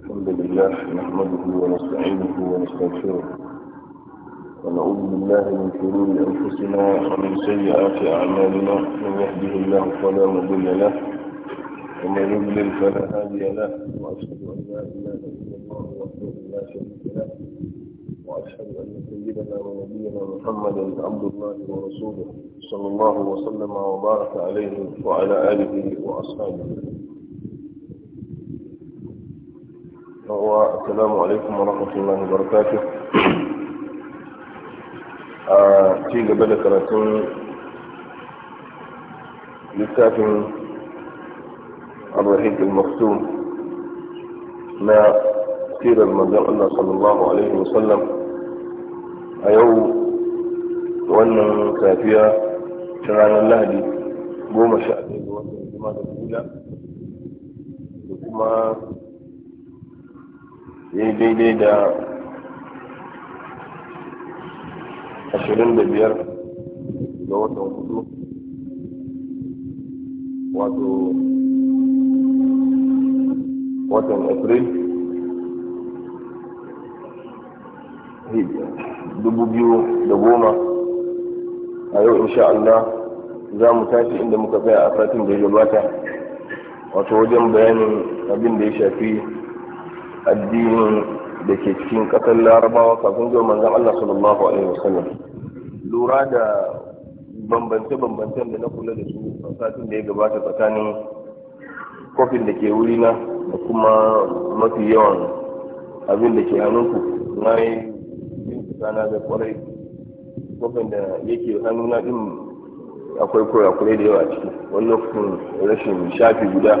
الحمد لله نحمده ونستعينه ونستغفره ونعوذ بالله من شرور أنفسنا ومن سيئات أعمالنا من يهده الله فلا مضل له ومن يضلل فلا هادي له وأشهد أن لا إله إلا الله وحده لا شريك له وأشهد أن سيدنا ونبينا محمدا عبد الله ورسوله صلى الله وسلم وبارك عليه وعلى آله وأصحابه هو السلام عليكم ورحمة الله وبركاته آه، في قبل كراتين لكاتن الرحيق المختوم ما سير المدين الله صلى الله عليه وسلم أيو وأن كافية شرعنا الله دي قوم شعبه وأن الأولى وكما ya daidai da ashirin da biyar ga watan hudu wato watan april dubu biyu da goma a yau insha Allah za mu tashi inda muka tsaya a satin da ya gabata wato wajen bayanin abin da ya shafi addinin da ke cikin ƙasar larabawa kafin zuwa manzan Allah sallallahu alaihi wasallam lura da bambance-bambancen da na kula da su a satin da ya gabata tsakanin kofin da ke wurina da kuma mafi yawan abin da ke hannunku na yi yin na da kwarai kofin da yake hannuna din akwai kurakurai da yawa ciki wani lokacin rashin shafi guda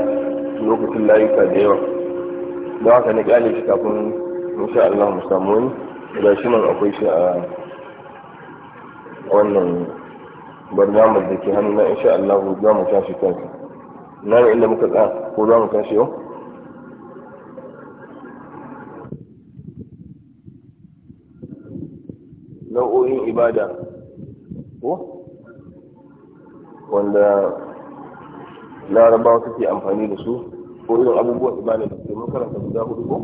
lokacin layuka da yawa don haka na kyale shi kafin insha Allah mu samu wani da shi nan akwai shi a wannan barnamar da ke hannu na insha Allah za mu tashi kansa na ne inda muka tsaya ko za mu tashi yau nau'o'in ibada ko wanda larabawa suke amfani da su ko irin abubuwan ibada da ke mun karanta guda hudu ko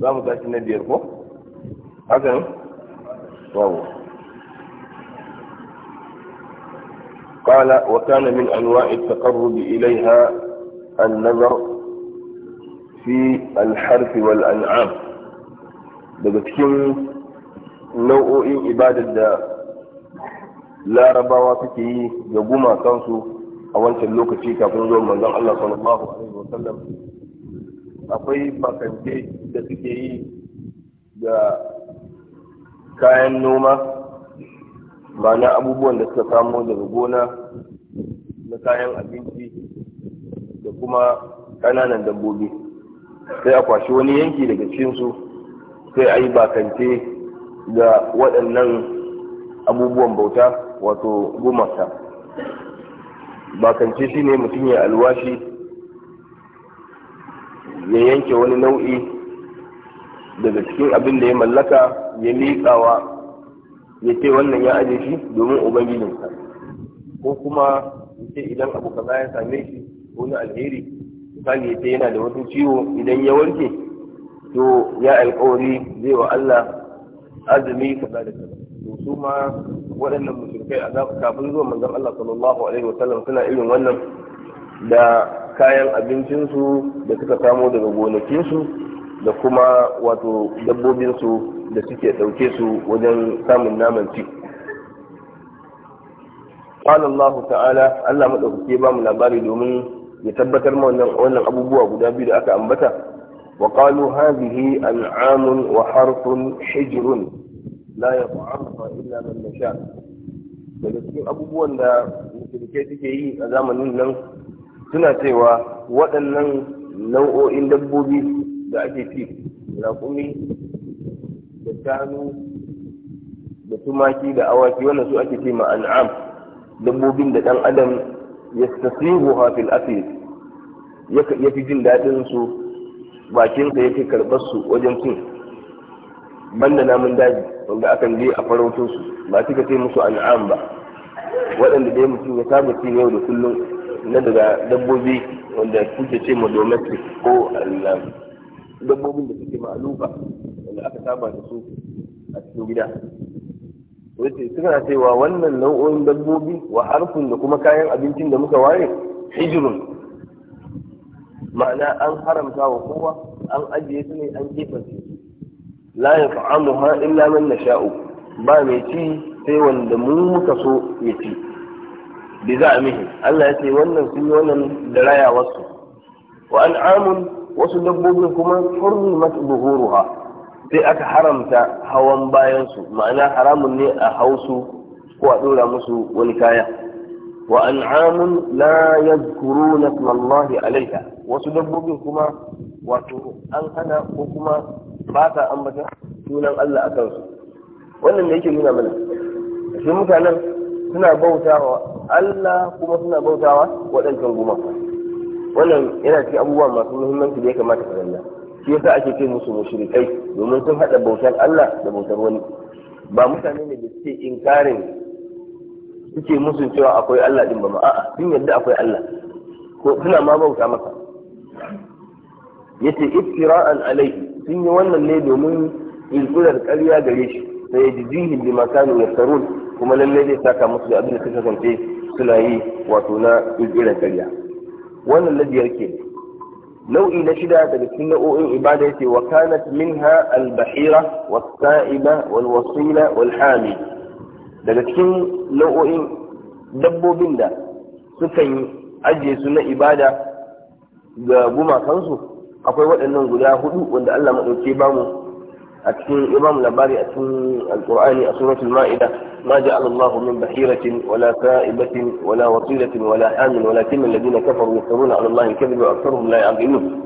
za mu tashi na biyar ko haka ne wawo قال وكان من أنواع التقرب إليها النظر في الحرف والأنعام daga cikin nau'o'in ibadar da larabawa suke yi ga gumakansu a wancan lokaci kafin zuwa manzon Allah sallallahu alaihi wasallam akwai bakance da suke yi da kayan noma ba na abubuwan da suka samo daga gona na kayan abinci da kuma ƙananan dabbobi sai a kwashi wani yanki daga cikinsu sai a yi bakance da waɗannan abubuwan bauta wato gumata. bakance shi ne mutum ya alwashi ya yanke wani nau'i daga cikin abin da ya mallaka ya liƙawa ya ce wannan ya aje shi domin ubangijinsa ko kuma ya ce idan abu kaza ya same shi ko na alheri misali ya ce yana da wasu ciwo idan ya warke to ya alƙawari zai wa Allah azumi kaza da kaza to su ma waɗannan suka yi kafin zuwa manzon Allah sallallahu alaihi wasallam suna irin wannan da kayan abincinsu da suka samo daga gonakinsu da kuma wato dabbobinsu da suke ɗauke su wajen samun naman ci. allah ta'ala Allah maɗaukake ba mu labari domin ya tabbatar ma wannan abubuwa guda biyu da aka ambata wa هذه hadhihi وحرث wa harfun يطعمها إلا من نشاء daga cikin abubuwan da musulke suke yi a zamanin nan suna cewa waɗannan nau'o'in dabbobi da ake fi raƙumi da shanu da tumaki da awaki wannan su ake ce ma an'am dabbobin da ɗan adam ya tasiru hafil afil ya fi jin daɗin su bakinsa ya fi karɓar su wajen cin banda namun daji wanda akan je a farauto ba ba suka ce musu an'am ba waɗanda dai mutum ya saba ci yau da kullum na daga dabbobi wanda kuke ce ma domestic ko dabbobin da suke ma'alufa wanda aka saba da su a cikin gida wace suna cewa wannan nau'o'in dabbobi wa harfin da kuma kayan abincin da muka ware hijirun ma'ana an haramta wa kowa an ajiye su ne an kefance su la ya fa'amuha illa man nasha'u ba mai ci sai wanda mu muka so ya ci bi za a mihi Allah ya ce wannan sun yi wannan da raya wasu wa an'amun wasu dabbobin kuma hurrimat buhuruha sai aka haramta hawan bayansu ma'ana haramun ne a hausu ko a dora musu wani kaya wa an'amun la yadhkuruna ismallahi alaiha wasu dabbobin kuma wato an hana ko kuma ba ta ambata sunan Allah a kansu wannan ne yake nuna mana su mutanen suna bautawa Allah kuma suna bautawa waɗancan gumaka wannan yana cikin abubuwa masu muhimmanci da ya kamata ka zanna shi yasa ake ce musu mushrikai domin sun haɗa bautar Allah da bautar wani ba mutane ne da suke inkarin suke musu cewa akwai Allah din ba ma a'a sun yadda akwai Allah ko suna ma bauta maka yace iftira'an alai sun yi wannan ne domin ilkular ƙarya gare shi sai jihin bi makanu yaftarun kuma lalle zai saka musu da abin da suka kasance suna yi wato na ƙirƙirar ƙarya wannan labiyar ke nau'i na shida daga cikin nau'o'in ibada ce wa kanat minha al-bahira was-sa'iba wal-wasila wal-hami daga cikin nau'o'in dabbobin da yi ajiye su na ibada ga gumakansu akwai waɗannan guda hudu wanda Allah maɗauke ba mu أكثر إمام لباري أكثر القرآن سورة المائدة ما جعل الله من بحيرة ولا فائبة ولا وصيلة ولا حام ولكن الذين كفروا يفترون على الله الكذب وأكثرهم لا يعقلون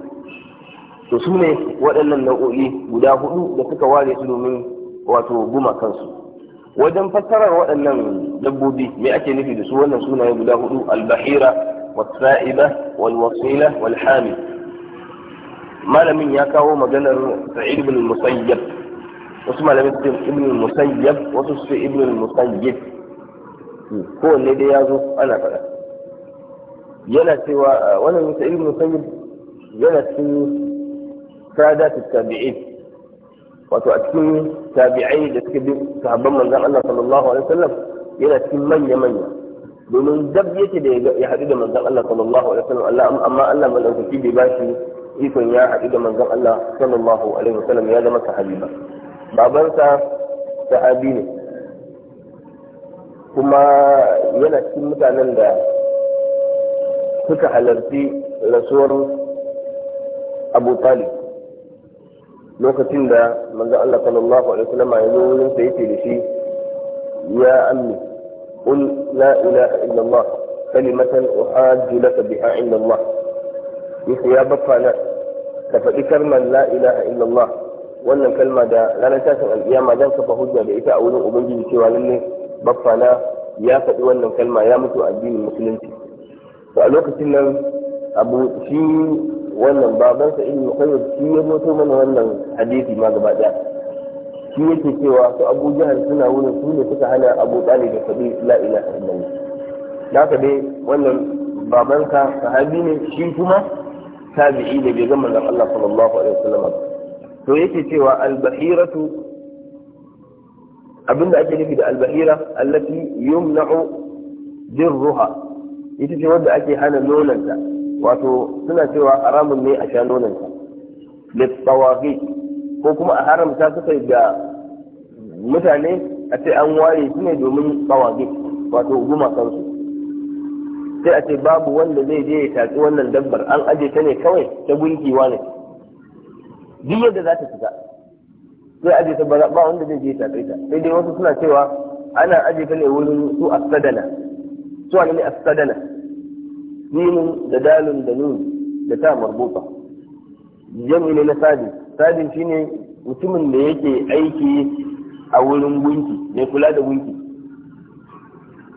تسمى وأن النوعي بداهو لفك والي سلومين وتوبما كنسو wajen fassarar waɗannan dabbobi me ake nufi da su wannan sunaye guda hudu albahira wasa'iba walwasila malamin ya kawo maganar sa'id ibn musayyab wasu malamin su ibn musayyab wasu su ibn musayyib ko dai ya zo ana faɗa yana cewa wannan sa'id ibn musayyib yana cikin sadat tabi'in wato a cikin tabi'ai da suke bi sahabban manzon Allah sallallahu alaihi wasallam yana cikin manya manya domin dab yake da ya haɗu da manzon Allah sallallahu alaihi wasallam amma Allah madaukaki bai ba shi ikon ya haɗu da manzon Allah sallallahu alaihi wasallam ya zama sahabi ba babansa sahabi ne kuma yana cikin mutanen da suka halarci rasuwar Abu Talib lokacin da manzon Allah sallallahu alaihi wasallam ya zo wurin sa yake da shi ya ammi qul la ilaha illallah kalimatan uhajju laka biha inda Allah yace ya baffa na ka faɗi kalmar la ilaha illallah wannan kalma da ranar tashin alkiyama zan kafa hujja da ita a wurin ubangiji cewa lalle baffa na ya faɗi wannan kalma ya mutu addinin musulunci to a lokacin nan abu shi wannan babansa ibn qayyim shi ya zo mana wannan hadisi ma gaba daya shi yake cewa su abu jihar suna wurin su ne suka hana abu ɗali da faɗi la ilaha illallah naka dai wannan babanka sahabi ne shi kuma tabi'i da bai zama manzon Allah sallallahu alaihi wasallam to yake cewa al-bahiratu abinda ake nufi da al-bahira allati yumna'u dirruha ita ce wanda ake hana nonanta wato suna cewa haramun ne a sha nonanta littawaqi ko kuma a haramta su kai ga mutane a ce an waye su ne domin tsawaqi wato gumakansu sai a ce babu wanda zai je ya tafi wannan dabbar an aje ta ne kawai ta gunki ne. duk yadda za ta fita sai aje ta ba wanda zai je ya tafi ta sai dai wasu suna cewa ana aje ta ne wurin su asadana su wani ne asadana sinin da dalun da nun da ta marbuta jami ne na sadin sadin shine mutumin da yake aiki a wurin gunki mai kula da gunki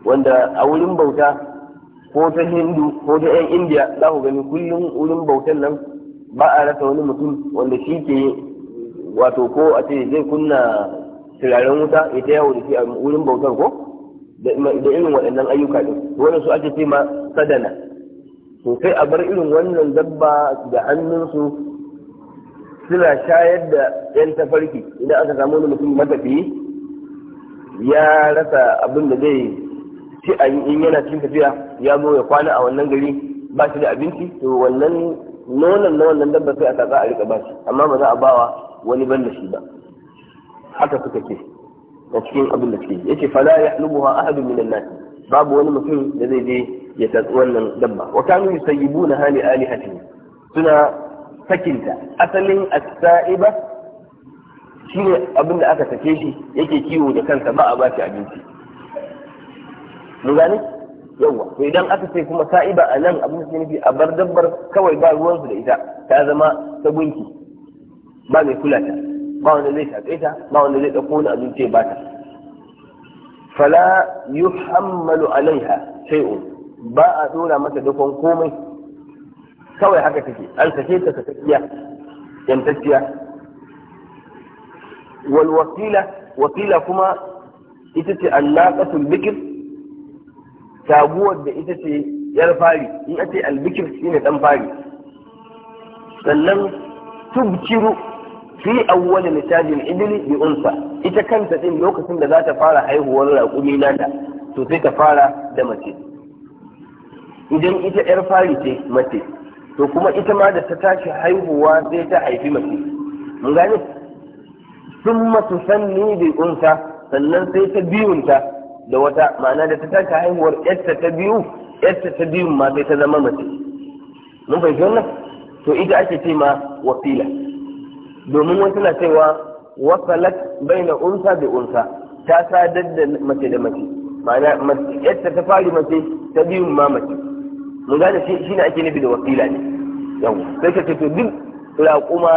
wanda a wurin bauta ko ta hindu ko ta yan indiya za ku gani kullum wurin bautan nan ba a rasa wani mutum wanda shi ke wato ko a ce zai kunna turaren wuta ya ta yawo da shi a wurin bautar ko da irin waɗannan ayyuka ne wani su ake ce ma sadana to sai a bar irin wannan dabba da hannunsu suna shayar da yan tafarki idan aka samu wani mutum matafi ya rasa abin da zai sai a in yana cikin tafiya ya zo ya kwana a wannan gari ba shi da abinci to wannan nonon na wannan dabba sai a tatsa a rika bashi amma ba za a bawa wani ban da shi ba haka suka ce a cikin abin da suke yace fala yahlubuha ahadun minan nas babu wani mutum da zai je ya tatsi wannan dabba wa kanu buna hali alihatihim suna sakinta asalin as-sa'iba shine abin da aka sake shi yake kiwo da kansa ba a bashi abinci mun gane yawa to idan aka ce kuma sa'iba a nan abin da nufi a bar dabbar kawai ba ruwansu da ita ta zama ta gunki ba mai kula ta ba wanda zai shaƙe ta ba wanda zai ɗauko wani abin ce ba ta fala yuhammalu alaiha shay'un ba a dora mata dakon komai kawai haka take an sake ta sakakkiya yantacciya wal wakila wakila kuma ita ce annaqatul bikr taguwar da ita ce yar fari in ce albikir shi ne dan fari sannan tubkiru fi awwal misajin ibli bi unsa ita kanta din lokacin da za ta fara haihuwar raƙumi nata to sai ta fara da mace idan ita yar fari ce mace to kuma ita ma da ta tashi haihuwa sai ta haifi mace mun gane sun matu sanni bi unsa sannan sai ta biyunta da wata ma'ana da ta tashi haihuwar yarta ta biyu yadda ta biyu ma sai ta zama mace mun fahimci wannan to ita ake ce ma wasila domin wasu na cewa wasalat baina unsa da unsa ta sadar da mace da mace ma'ana yarta ta fari mace ta biyu ma mace mun gane shi ne ake nufi da wasila ne yau sai ka ce to duk raƙuma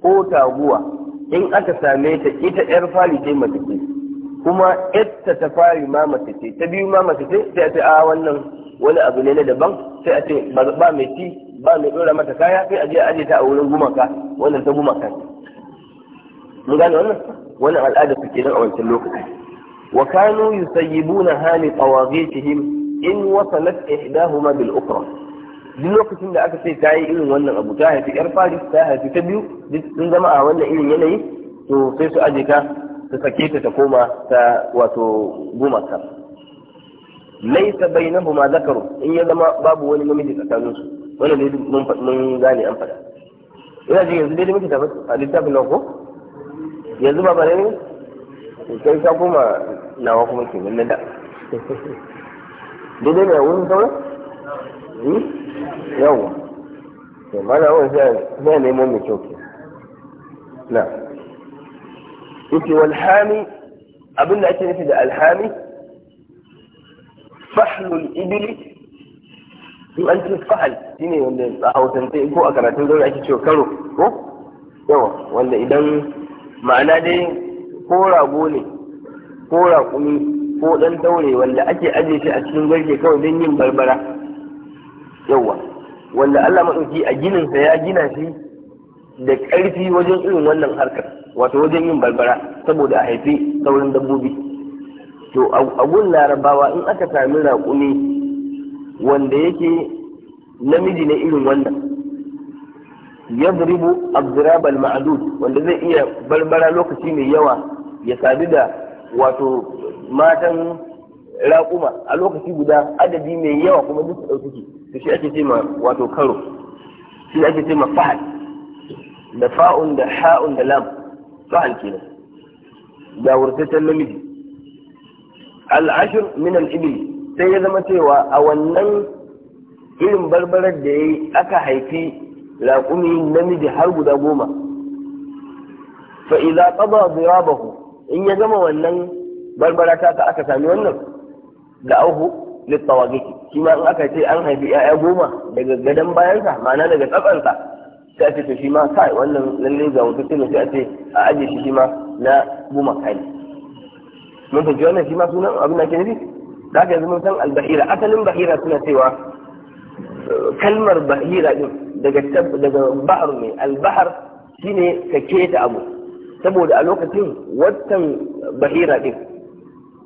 ko taguwa in aka same ta ita yar fari ce mace ce kuma yadda ta fari ma ce ta biyu ma ce sai a ce a ah, wannan wani abu ne na daban sai a ce ba mai ci ba mai dora mata kaya sai a je a aje ta a wurin gumaka wannan ta gumaka mun gane wannan wannan al'ada su kenan a wancan lokaci wa kanu yusayyibuna hali tawaghitihim in wasalat ihdahuma bil ukhra duk lokacin da aka ce ta yi irin wannan abu ta haifi yar fari ta haifi ta biyu duk sun zama a wannan irin yanayi to sai su aje ka. ta sake ta ta koma ta wato gumaka laisa ma zakaru in ya zama babu wani namiji tsakanin su wannan ne mun mun gane an fada ina ji yanzu dai muke ta a littafin nan ko yanzu ba bare ne kai ka koma nawa kuma ke nan da dai ne wurin sauran hmm? yawwa to mana wani sai ne mu mai kyau na yake walhami abin da ake nufi da alhami fahlul ibili in an ce fahal shine wanda a hausance ko a karatun zaure ake cewa karo ko yawa wanda idan ma'ana dai ko rago ne ko raƙumi ko ɗan daure wanda ake ajiye shi a cikin garke kawai don yin barbara yawa wanda Allah maɗauki a gininsa ya gina shi da ƙarfi wajen irin wannan harkar wato wajen yin barbara saboda a haifi saurin dabbobi to a gun larabawa in aka sami raƙumi wanda yake namiji na irin wannan ya zuribu abdurabal ma'adud wanda zai iya barbara lokaci mai yawa ya sadu da wato matan raƙuma a lokaci guda adadi mai yawa kuma duk da ɗauki to shi ake cema wato karo shi ake ce fahad da fa'un da ha'un da lam fa'al kenan da wurtaccen namiji al'ashir min ibil sai ya zama cewa a wannan irin barbarar da ya yi aka haifi raƙumi namiji har guda goma fa idza qada bahu in ya gama wannan barbara ta ka aka sami wannan da auhu litawagiki shi ma in aka ce an haifi 'ya'ya goma daga gadon bayansa ma'ana daga tsakansa sai a to shi ma kai wannan lallai ga wata sai a ce a aje shi ma na goma kai mun fahimci wannan shi ma sunan abin da ke nufi da haka yanzu mun san albahira asalin bahira suna cewa kalmar bahira din daga daga bahar ne albahar shine ka keta abu saboda a lokacin watan bahira din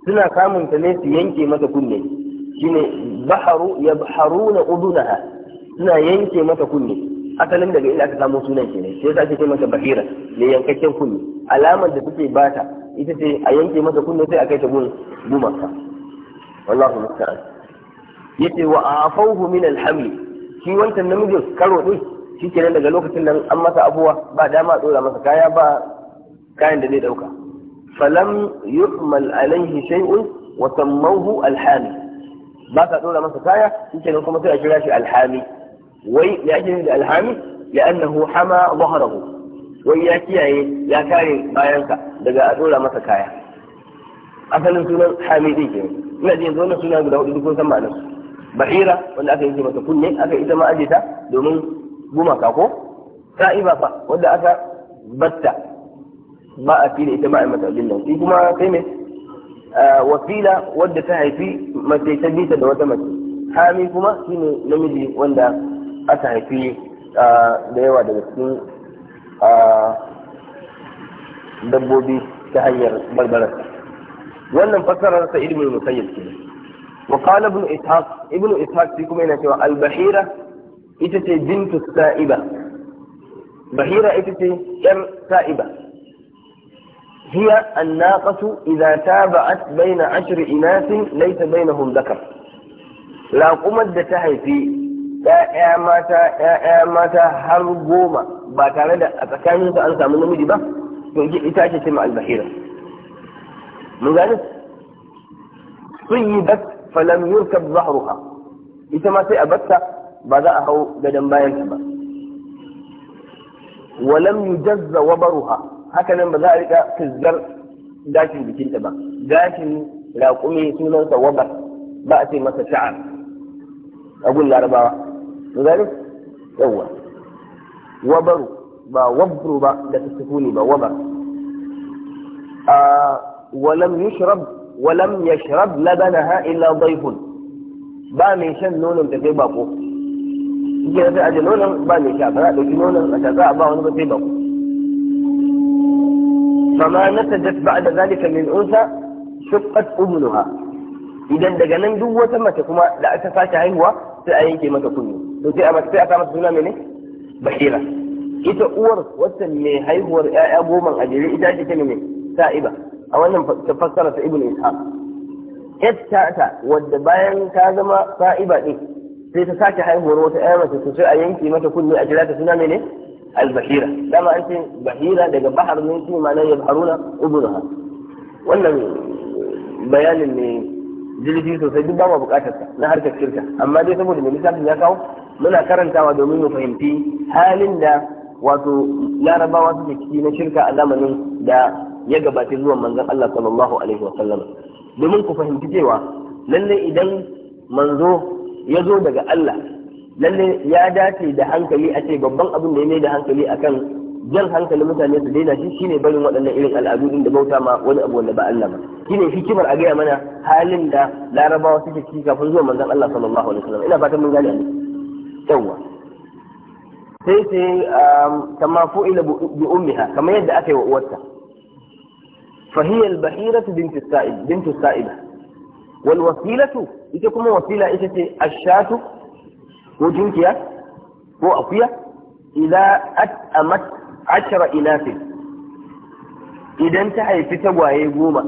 suna samun ta ne su yanke mata kunne shine baharu yabharuna udunaha suna yanke mata kunne asalin daga inda aka samu sunan ne sai yasa ake ce masa bahira ne yankakken kunne alamar da take bata ita ce a yanke masa kunne sai a kai ta gun gumarsa wallahu musta'an yace wa afawhu min alhamli shi wancan namijin karo din shi kenan daga lokacin nan an masa abuwa ba dama a dora masa kaya ba kayan da zai dauka falam yu'mal alaihi shay'un wa sammawhu alhami ba ka dora masa kaya shi kenan kuma sai a kira shi alhami wai ya ake da alhami li'annahu hama zahrahu wai ya kiyaye ya kare bayanka daga a dora masa kaya asalin sunan hami hamidi ke ina jin zo na suna guda hudu kun san ma'anar bahira wanda aka yi mata kunne aka ita ma aje domin gumaka ko sa'iba fa wanda aka batta ba a fi da ita ba a mata abin nan shi kuma sai mai wasila wadda ta haifi mace ta bita da wata mace hami kuma shine namiji wanda aka haifi da yawa daga cikin dabbobi ta hanyar barbararsa wannan fasarar sa ibn musayyib ke wa qala ibn ishaq ibn ishaq shi kuma yana cewa al-bahira ita ce bintu sa'iba bahira ita ce yar sa'iba hiya an-naqatu idza taba'at baina ashri inasin laysa bainahum dhakar kuma da ta haifi ya'ya mata ya'ya mata har goma ba tare da a tsakanin su an samu namiji ba to ita ce ce ma albahira mun gani sun yi bat falam yurkab zahruha ita ma sai a batta ba za a hau gadon bayan ta ba walam yujazza wabaruha haka nan ba za a rika fizzar gashin jikinta ba gashin raƙumi sunansa wabar ba a ce masa sha'ar أقول لأربعة لذلك هو وبر با وبر با لا تسكوني با وبر آه ولم يشرب ولم يشرب لبنها إلا ضيف با من شن نون تكي باقو يجي نفع أجل نون با من شاء فلا تجي نون أتاقع با ونبا تكي باقو فما نتجت بعد ذلك من أنثى شقت أمنها إذا دقنا دوة تكما لا أتفاتها هو sai a yanke mata kunni to sai a sai a samu suna mene bahira ita uwar wacce mai haihuwar ƴaƴa goma a jere ita ce ta mene sa'iba a wannan fassara ta ibnu isha yatta ta wadda bayan ta zama sa'iba din sai ta sake haihuwar wata ƴaƴa mace to sai a yanke mata kunni a jira ta suna mene al-bahira dama an ce bahira daga bahar ne shi ma nan yabharuna ubunaha wannan bayanin ne jirgi sosai duk ba ma bukatarsa na harkar shirka amma dai saboda mai lissafin ya kawo muna karantawa domin mu fahimci halin da wato larabawa suke ciki na shirka a zamanin da ya gabaci zuwa manzon Allah sallallahu alaihi wa sallam domin ku fahimci cewa lallai idan manzo ya zo daga Allah lallai ya dace da hankali a ce babban abin da ya mai da hankali akan jan hankalin mutane su daina shi shine barin waɗannan irin al'adu din da bauta ma wani abu wanda ba Allah ba shi ne hikimar a gaya mana halin da larabawa suke ciki kafin zuwa manzon Allah sallallahu alaihi wasallam ina fatan mun gane ne yawa sai sai um, kama fu fu'ila bi ummiha kamar yadda aka yi wa uwarta fa hiya al-bahiratu bintu sa'id bintu sa'ida wal wasilatu ita kuma wasila ita ce ashatu ko jinkiya ko akuya idza at'amat ashra inatin idan ta haifi tagwaye goma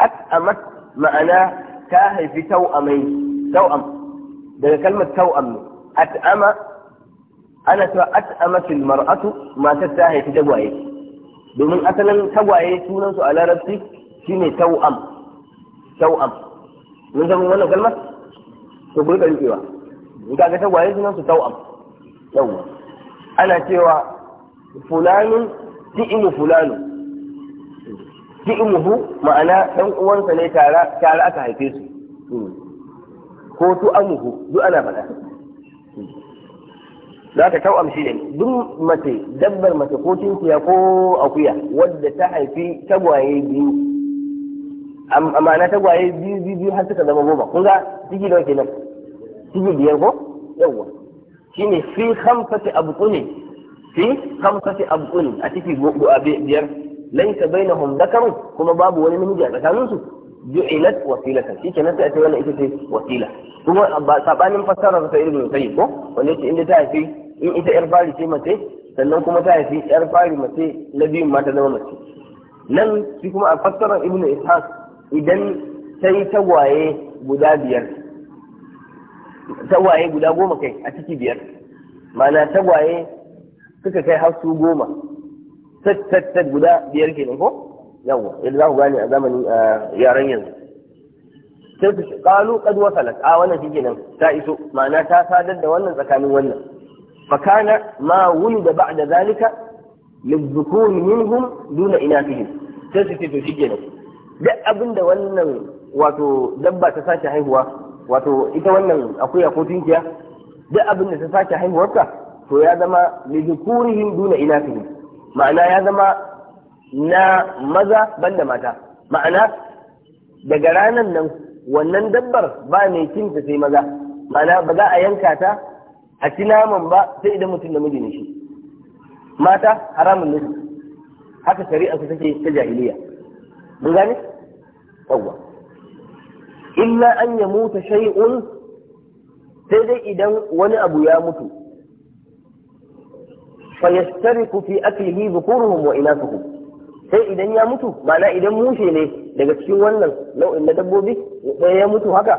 أتأمت معناه تاهي في توأمين توأم ده كلمة توأم أتأم أنا أتأمت المرأة ما تتاهي في توأي بمن أتنا توأي سونا سؤال ربي شيني توأم توأم من زمان وانا كلمة تقول لك إيوا إذا كنت توأي سونا توأم توأم أنا توأ فلان تئم فلانو fi'luhu ma'ana dan uwansa ne tare tare aka haife su ko tu amuhu duk ana faɗa za ka tau'am shi ne duk mace dabbar mace ko tinkiya ko akuya wadda ta haifi tagwaye biyu amma na tagwaye biyu biyu biyu har suka zama goma kun ga ciki nawa kenan ciki biyar ko yawwa shine fi khamsati abquni fi khamsati abquni a ciki biyar laisa bainahum dakarun kuma babu wani namiji a tsakaninsu ju'ilat wasilatan shi kenan sai a ce wannan ita ce wasila kuma ba sabanin fassara ta irin sai ko wanda yake inda ta haifi in ita yar fari ce mace sannan kuma ta haifi yar fari mace na biyun ma ta zama mace nan shi kuma a fassara ibn ishaq idan ta yi tagwaye guda biyar Tawaye guda goma kai a ciki biyar ma'ana tagwaye suka kai har su goma tattattat guda biyar kenan ko yawa yadda za ku gane a zamanin yaren yanzu sai su kalu kad wasalat a wannan shi kenan ta iso ma'ana ta sadar da wannan tsakanin wannan fakana ma da ba'da zalika للذكور منهم دون إناثهم sai su ce to shi kenan duk abin da wannan wato dabba ta sake haihuwa wato ita wannan akuya ko tunkiya duk abin da ta sake haihuwarta to ya zama li dhukurihim duna inathihim ma'ana ya zama na maza banda mata ma'ana daga ranar nan wannan dabbar ba mai cinta sai maza ma'ana ba za a yanka ta a ci naman ba sai idan mutum namiji ne shi mata haramun ne haka shari'a su take ta jahiliya mun gane yawwa illa an ya mutu shay'un sai dai idan wani abu ya mutu فيشترك في أكله ذكورهم وإناثهم sai idan ya mutu ma'ana idan mushe ne daga cikin wannan nau'in na dabbobi sai ya mutu haka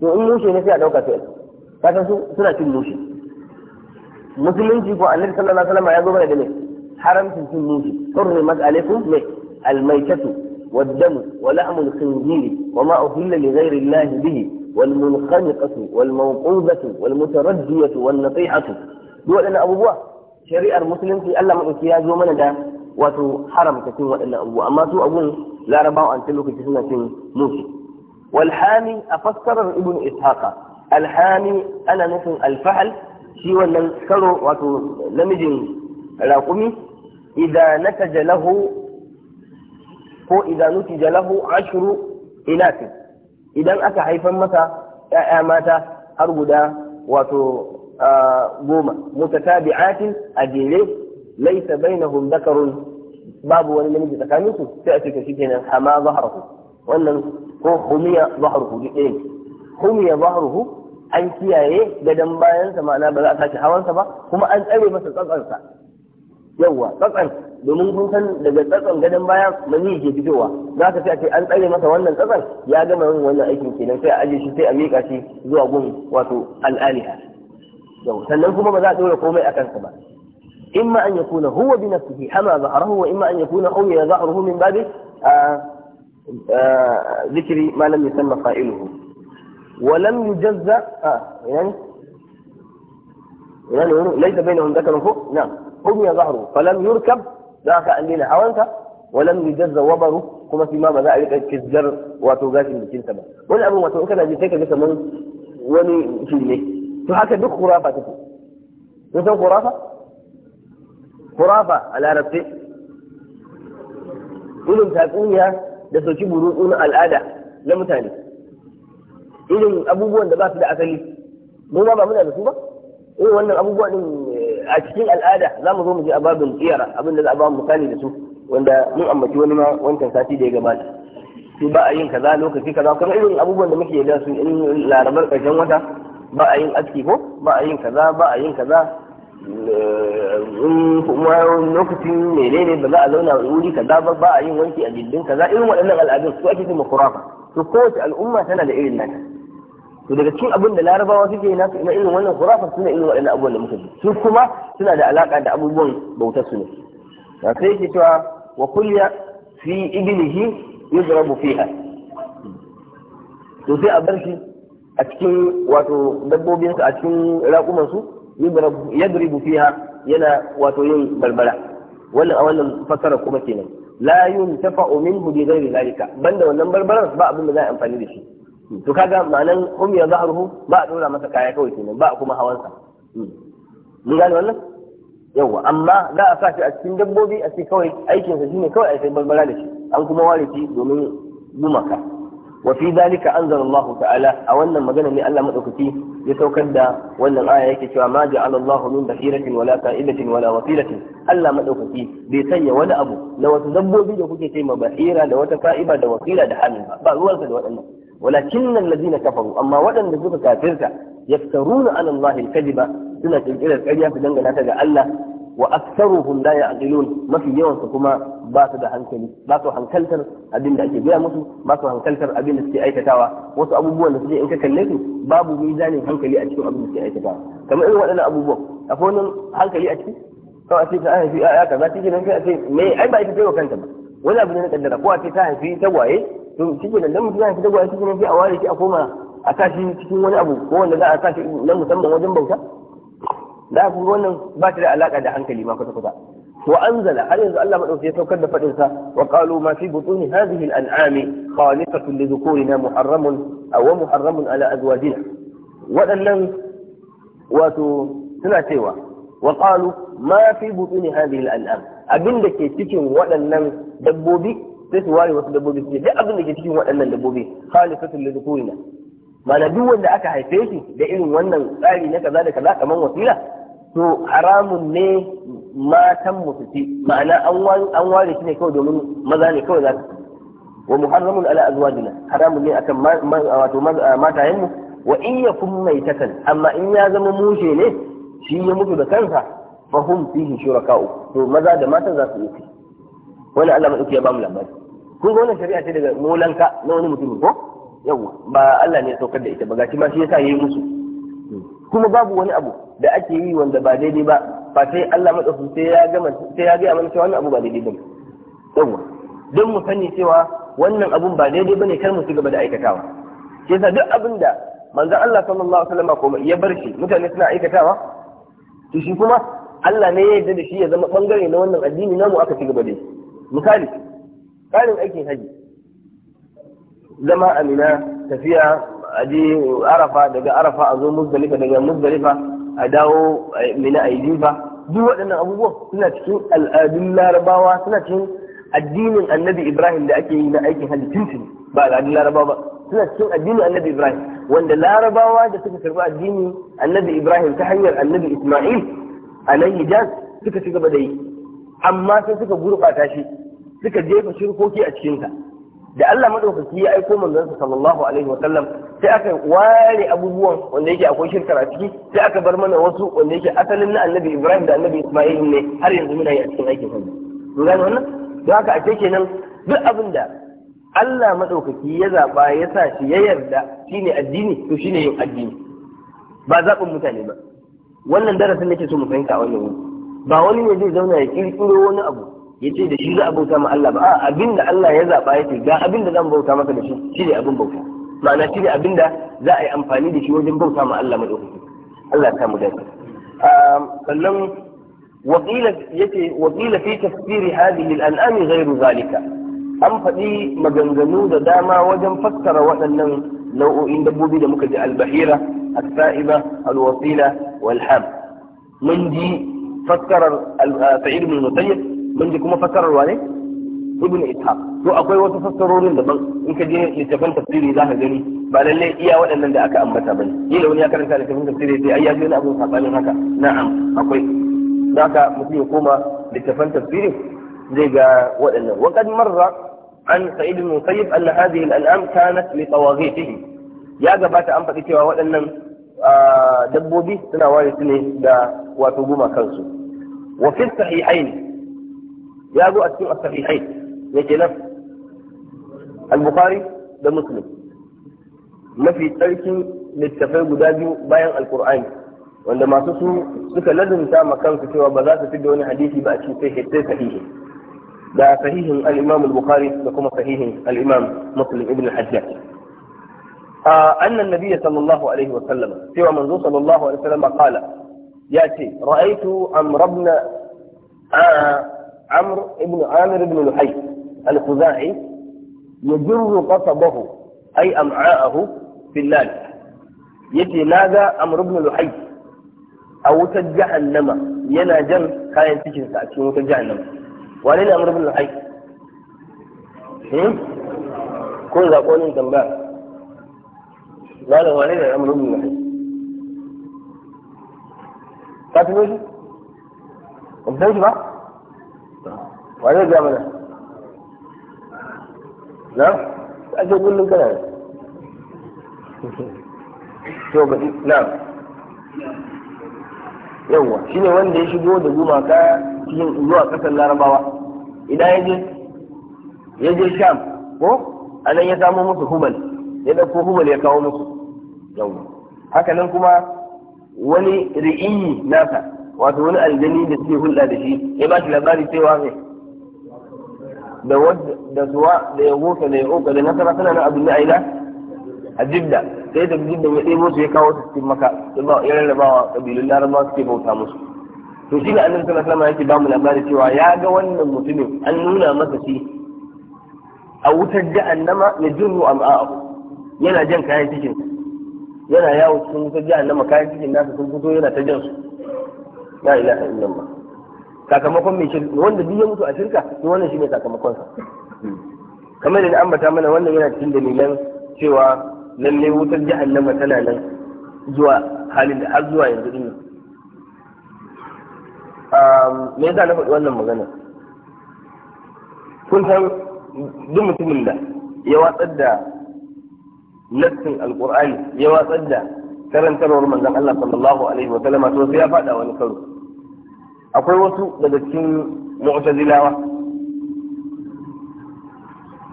to in mushe ne sai a ɗauka sai kasan su suna cin mushe musulunci ko annabi sallallahu alaihi wasallam ya zo mana da ne haramcin cin mushe hurrimat alaikum mai almaitatu والدم ولحم الخنزير وما أهل لغير الله به والمنخنقة والموقوذة والمتردية والنطيحة دول أنا أبو بوه shari'ar musulunci Allah maɗauki ya zo mana da wato haramta cin waɗannan abubuwa amma su abun larabawa an lokaci suna cin musu walhami a fassarar ibn ishaqa alhami ana nufin alfahal shi wannan karo wato namijin raƙumi idza nataja lahu ko idza nutija lahu ashru inatin idan aka haifan masa 'ya'ya mata har guda wato goma mutatabi'atin a jere bai na dakarun babu wani namiji tsakanin su sai a ce to ظهره hama zahrahu wannan ko humiya zahruhu humiya zahruhu an kiyaye gadon bayansa ma'ana ba za a sake hawansa ba kuma an tsare masa tsatsansa domin kun san daga tsatsan gadon baya mani ke fitowa za ka sai an tsare masa wannan tsatsan ya gama yin wannan aikin kenan sai a ajiye shi sai a miƙa shi zuwa gun wato al'aliha yau sannan kuma ba za a dora komai a kansa ba imma an yakuna huwa bi nafsihi hama zahrahu wa imma an yakuna ya min babi ذكر ما لم يسمى قائله ولم يجزا يعني يعني ليس بينهم ذكر فوق نعم حمي ظهره فلم يركب ذاك عندنا حوانك ولم يجز وبره كما في ما ذلك كزر وتوغاش من سبع. سبب ولا ابو متوكل هذه تلك كمان وني في ليه to haka duk khurafa take ko san khurafa khurafa a larabci irin tatsuniya da sauki burutsu al'ada na mutane irin abubuwan da ba su da asali mu ma ba muna da su ba eh wannan abubuwa din eh, a cikin al'ada za mu zo mu je a babin tsiyara abinda za a ba mu misali da su wanda mun ambaci wani ma wancan sati da ya gabata su ba a yin kaza lokaci kaza kuma irin abubuwan da muke da su in larabar karshen wata ba a yin aski ko ba a yin kaza ba a yin kaza eh, kuma lokacin menene ba za a zauna wuri kaza ba ba a yin wanki a gindin kaza irin waɗannan al'adun su ake cewa kurafa to kowace al'umma tana da irin nata to daga cikin abin da larabawa suke yi nasu ina irin wannan kurafa suna irin waɗannan abubuwan da muka ji su kuma suna da alaƙa da abubuwan bautar su ne na sai yake cewa wa kulliya fi ibilihi yuzrabu fiha to sai a bar shi a cikin wato dabbobinsu a cikin raƙumansu yadribu ha yana wato yin barbara wannan a wannan fassara kuma kenan la yuntafa'u minhu zai ghairi zalika banda wannan barbaran ba abin da za a amfani da shi to kaga ma'anan hum ya zahruhu ba a dora masa kaya kawai kenan ba a kuma hawansa mun gane wannan yawa amma za a sa shi a cikin dabbobi a ce kawai aikinsa shine kawai a yi barbara da shi an kuma ware shi domin gumaka wa fi dalika anzalallahu ta'ala a wannan magana ne Allah madaukaki ya saukar da wannan aya yake cewa ma ja'ala Allahu min bahiratin wala qa'idatin wala wafilatin Allah madaukaki bai saya wani abu na wasu dabbobi da kuke ce ma da wata qa'iba da wasila da halin ba ruwansa da waɗannan walakin allazina kafaru amma waɗanda suka kafirta yaftaruna ala Allah al-kadhiba suna kirkirar karya su dangana ga Allah wa aktsaruhum la ya'qilun mafi yawan su kuma ba su da hankali ba su hankaltar abin da ake gaya musu ba su hankaltar abin da suke aikatawa wasu abubuwan da suke in ka kalle su babu mizanin hankali a cikin abin da suke aikatawa kamar irin waɗannan abubuwan akwai wani hankali a ciki kawai a ce ta haifi a yaka za kaza cikin nan sai a ce me ai ba ita yi wa kanta ba wani abu ne na kaddara ko a ce ta haifi ta tagwaye to cikin nan dan mutum ya haifi ta tagwaye cikin nan sai a ware shi a koma a sa cikin wani abu ko wanda za a sa na musamman wajen bauta da ku wannan ba ta da alaka da hankali ma kusa kusa, wa anzala har yanzu Allah madauki ya saukar da fadin sa wa qalu ma fi butuni hadhihi al-an'ami khaliqatun li dhukurina muharramun aw muharramun ala azwajina waɗannan wato suna cewa wa qalu ma fi butuni hadhihi al-an'am abinda ke cikin waɗannan dabbobi sai su ware wasu dabbobi su ce duk abin ke cikin waɗannan dabbobi khaliqatun li dhukurina mana duk wanda aka haife shi da irin wannan tsari na kaza da kaza kaman wasila to haramun ne matan mutufi ma'ana an ware shi ne kawai domin maza ne kawai za su wa muharramun ala azwajina haramun ne akan wato matayen mu wa in yakun maitatan amma in ya zama mushe ne shi ya mutu da kansa fa hum fihi shuraka'u to maza da matan za su yi wani Allah madauki ya ba mu labari kun ga wannan shari'a ce daga molanka na wani mutum ko yawa ba Allah ne ya saukar da ita ba gashi ma shi yasa yayi musu kuma babu wani abu da ake yi wanda ba daidai ba ba sai Allah madaukakin sai ya gama sai ya ga mana cewa wannan abu ba daidai bane yawa don mu sani cewa wannan abun ba daidai bane kar mu ci gaba da aikatawa shi yasa duk abin da manzon Allah sallallahu alaihi wasallam ko ya bar shi mutane suna aikatawa to shi kuma Allah ne ya yarda da shi ya zama bangare na wannan addini namu aka ci gaba da shi misali tsarin aikin haji zama amina tafiya a je arafa daga arafa a zo muzdalifa daga muzdalifa a dawo mina a yi duk waɗannan abubuwan suna cikin al'adun larabawa suna cikin addinin annabi ibrahim da ake yi na aikin hajji tuntun ba al'adun larabawa ba suna cikin addinin annabi ibrahim wanda larabawa da suka karbi addinin annabi ibrahim ta hanyar annabi isma'il a nan hijaz suka ci gaba da yi amma sai suka gurɓata shi suka jefa shirkoki a cikinsa da Allah madaukaki ya aiko manzon sallallahu alaihi wa sallam sai aka ware abubuwan wanda yake akwai shirka a ciki sai aka bar mana wasu wanda yake asalin na Annabi Ibrahim da Annabi Isma'il ne har yanzu muna yi a cikin aikin hannu to gane wannan don haka a kenan duk abin da Allah madaukaki ya zaba ya sa shi ya yarda shine addini to shine yin addini ba zaɓin mutane ba wannan darasin nake so mu fahimta a wannan ba wani ne zai zauna ya kirkiro wani abu ya ce da shi za a bauta ma Allah ba a abin da Allah ya zaɓa ya ce ga abin da zan bauta maka da shi shi ne abin bauta ma'ana shi ne abin da za a yi amfani da shi wajen bauta ma Allah maɗaukaki Allah ya samu dace sannan wakila yace wakila fi tafsiri hadhihi al-an'ami ghayru zalika an faɗi maganganu da dama wajen fassara waɗannan nau'o'in dabbobi da muka ji albahira as-sa'iba al-wasila wal ham mun ji fassarar sa'id bin musayyib mun kuma fassararwa ne ibn ishaq to akwai wasu fassarorin daban in ka je littafin tafsiri za ka gani ba lalle iya waɗannan da aka ambata bane kila wani ya karanta da littafin tafsiri sai ai ya ji wani abu sabanin haka na'am akwai zaka mutum ya koma littafan tafsiri zai ga waɗannan wa qad marra an sa'id bin musayyib anna hadhihi al-an'am kanat li tawaghitihi ya gabata an faɗi cewa waɗannan dabbobi suna ware su ne da wato gumakansu. kansu wa fi sahihaini جابوا السنة الصحيحين يجينا البخاري ده مسلم ما في تلك للتفاق داجو بيان القرآن وعندما تسو سكا لازم تا مكان في سوى بذات في الدون حديثي بأشي فيه صحيح دا صحيح الإمام البخاري لكم صحيح الإمام مسلم ابن الحجاج آه، أن النبي صلى الله عليه وسلم سوى منذ صلى الله عليه وسلم قال يا يأتي رأيت أمر ابن آه عمرو بن عامر بن لحي الخزاعي يجر قصبه أي أمعاءه في اللال يتي نادى عمرو بن لحي أو تجهنم ينا جن كاين تجن ساعتين وتجهنم ولين عمرو بن لحي كل ذا قول تنبع لا لا ولين عمرو بن لحي كاتبوش؟ ما تبوش بقى؟ wa ga mana na ake kullum kana ne to ga na yawwa shine wanda ya shigo da gumaka cikin zuwa kasar larabawa idan ya je ya je sham ko anan ya samo musu hubal ya dauko humal ya kawo musu yawwa haka nan kuma wani ri'i nasa wato wani aljani da suke hulɗa da shi ya ba shi labari cewa mai da wadda da zuwa da ya goka da ya oka da nasara tana nan abin aina a jidda sai da jidda ya ɗebo su ya kawo su cikin maka ya rarrabawa ba larabawa suke bauta musu to shi ne annabi sallallahu alaihi wasallam yake ba mu labari cewa ya ga wannan mutumin an nuna masa shi a wutar nama ya junnu am'a'ahu yana jan kayan cikin yana yawo cikin wutar nama kayan cikin nasa sun fito yana ta jan su la ilaha illallah sakamakon mai shirka wanda duk ya mutu a shirka to wannan shine sakamakon sa kamar da ambata mana wannan yana cikin dalilan cewa lalle wutar jahannama tana nan zuwa halin da har zuwa yanzu din me yasa na faɗi wannan magana kun san duk mutumin da ya watsar da nassin alqur'ani ya watsar da karantarwar manzon Allah sallallahu alaihi wa sallam to sai ya faɗa wani karo akwai wasu daga cikin mu'tazilawa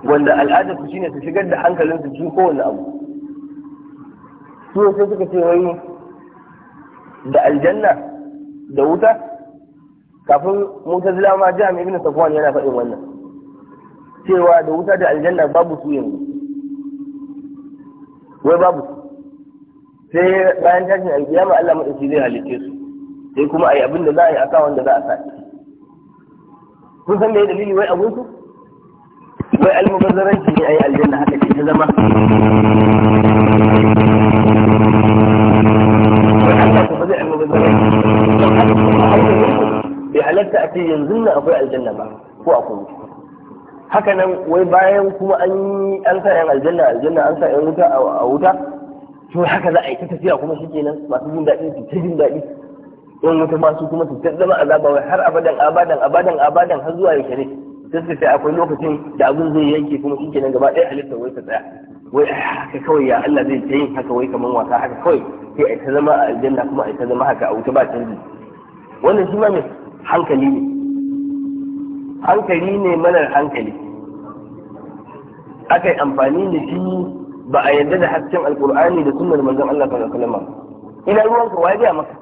wanda al'adar su shine su shigar da hankalin su cikin kowanne abu su sai suka ce wai da aljanna da wuta kafin mu'tazilawa ma jami ibn safwan yana faɗin wannan cewa da wuta da aljanna babu su yanzu wai babu sai bayan tashin alkiyama Allah madauki zai halicce su sai kuma a yi abin da za a yi a sa wanda za a sa kun san da ya dalili wai abun su wai almubazzaranci ne a yi aljanna haka ce ta zama bai halatta a ce yanzu nan akwai aljanna ba ko a wuta haka nan wai bayan kuma an yi an sa yan aljanna aljanna an sa yan wuta a wuta to haka za a yi ta tafiya kuma shi kenan masu jin daɗi su ta jin daɗi in wata masu kuma su zama azaba wai har abadan abadan abadan abadan har zuwa yake ne sai sai akwai lokacin da abin zai yanke kuma shi kenan gaba ɗaya halitta wai ta tsaya wai ah, haka kawai ya Allah zai ta yin haka wai kamar wasa haka kawai sai a ta zama a aljanna kuma a ta zama haka a wuta ba canji wannan shi ma ne hankali ne hankali ne manar hankali aka yi amfani da shi ba a yarda da hasken alkur'ani da sunnar manzon Allah sallallahu alaihi wasallam ina ruwanka waje maka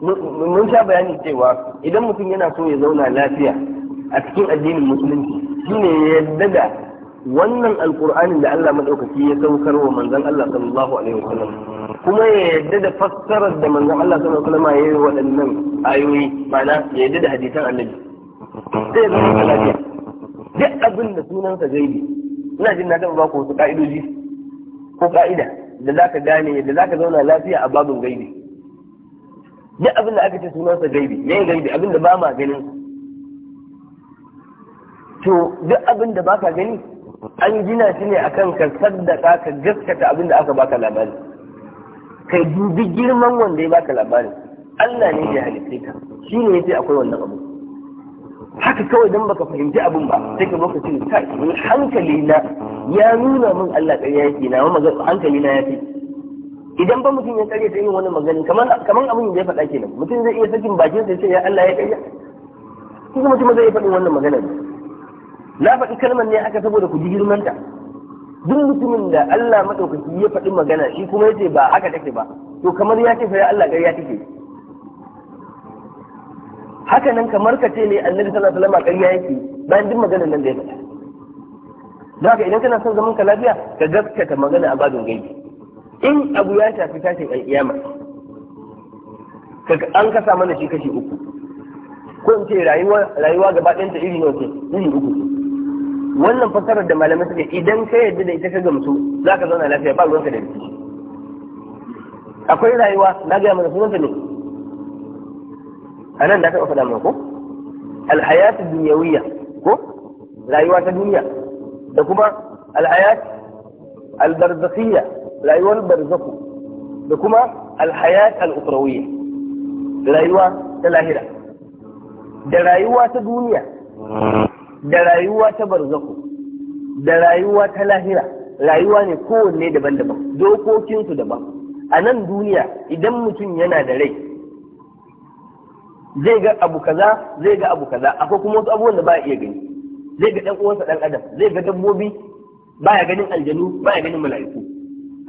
mun sha bayani cewa idan mutum yana so ya zauna lafiya a cikin addinin musulunci shine ya yarda da wannan alkur'anin da Allah madaukaki ya saukar wa manzon Allah sallallahu alaihi wasallam kuma ya yadda da fassarar da manzon Allah sallallahu alaihi wasallam ya yi waɗannan ayoyi ma'ana ya yadda da hadisan annabi sai ya zauna lafiya duk abin da sunansa gaibi ina jin na taɓa ba ku wasu ka'idoji ko ka'ida da za ka gane da za ka zauna lafiya a babin gaibi duk abin da aka ce sunansa gaibi ne gaibi abin da ba ma ganin to duk abin da baka gani an gina shi ne akan ka saddaka ka gaskata abin da aka baka labari kai dubi girman wanda ya baka labarin Allah ne ya halitta ka shi ne yace akwai wannan abu haka kawai dan baka fahimci abin ba sai ka baka ce hankali na ya nuna min Allah ƙarya yake na hankali na ya idan ba mutum ya karya ta yin wani magani kamar abin da ya faɗa kenan mutum zai iya sakin bakin sa ce ya Allah ya karya kuma mutum zai iya faɗin wannan maganar na faɗi kalmar ne aka saboda ku ji ta, duk mutumin da Allah madaukaki ya faɗi magana shi kuma ya ce ba haka take ba to kamar ya ce fa ya Allah ya take haka nan kamar ka ce ne annabi sallallahu alaihi wasallam ƙarya yake bayan duk maganar nan da ya faɗa don haka idan kana son zaman ka lafiya ka gaskata magana a babin gaibi in abu ya shafi tashin alkiyama kaga an kasa mana shi kashi uku ko in ce rayuwa rayuwa gaba ta iri ne ke iri uku wannan fasarar da malamai suke idan ka yadda da ita ka gamsu za ka zauna lafiya ba ruwanka da rikici akwai rayuwa na gaya mana sunanta ne a nan da taɓa faɗa mana ko alhayatu duniyawiyya ko rayuwa ta duniya da kuma alhayat albarzakhiyya rayuwar barzaku da kuma alhayat al-ukhrawiyya rayuwa ta lahira da rayuwa ta duniya da rayuwa ta barzaku da rayuwa ta lahira rayuwa ne kowanne daban-daban dokokinsu daban a nan duniya idan mutum yana da rai zai ga abu kaza zai ga abu kaza akwai kuma wasu abubuwan da ba iya gani zai ga dan uwansa dan adam zai ga dabbobi baya ganin aljanu baya ganin mala'iku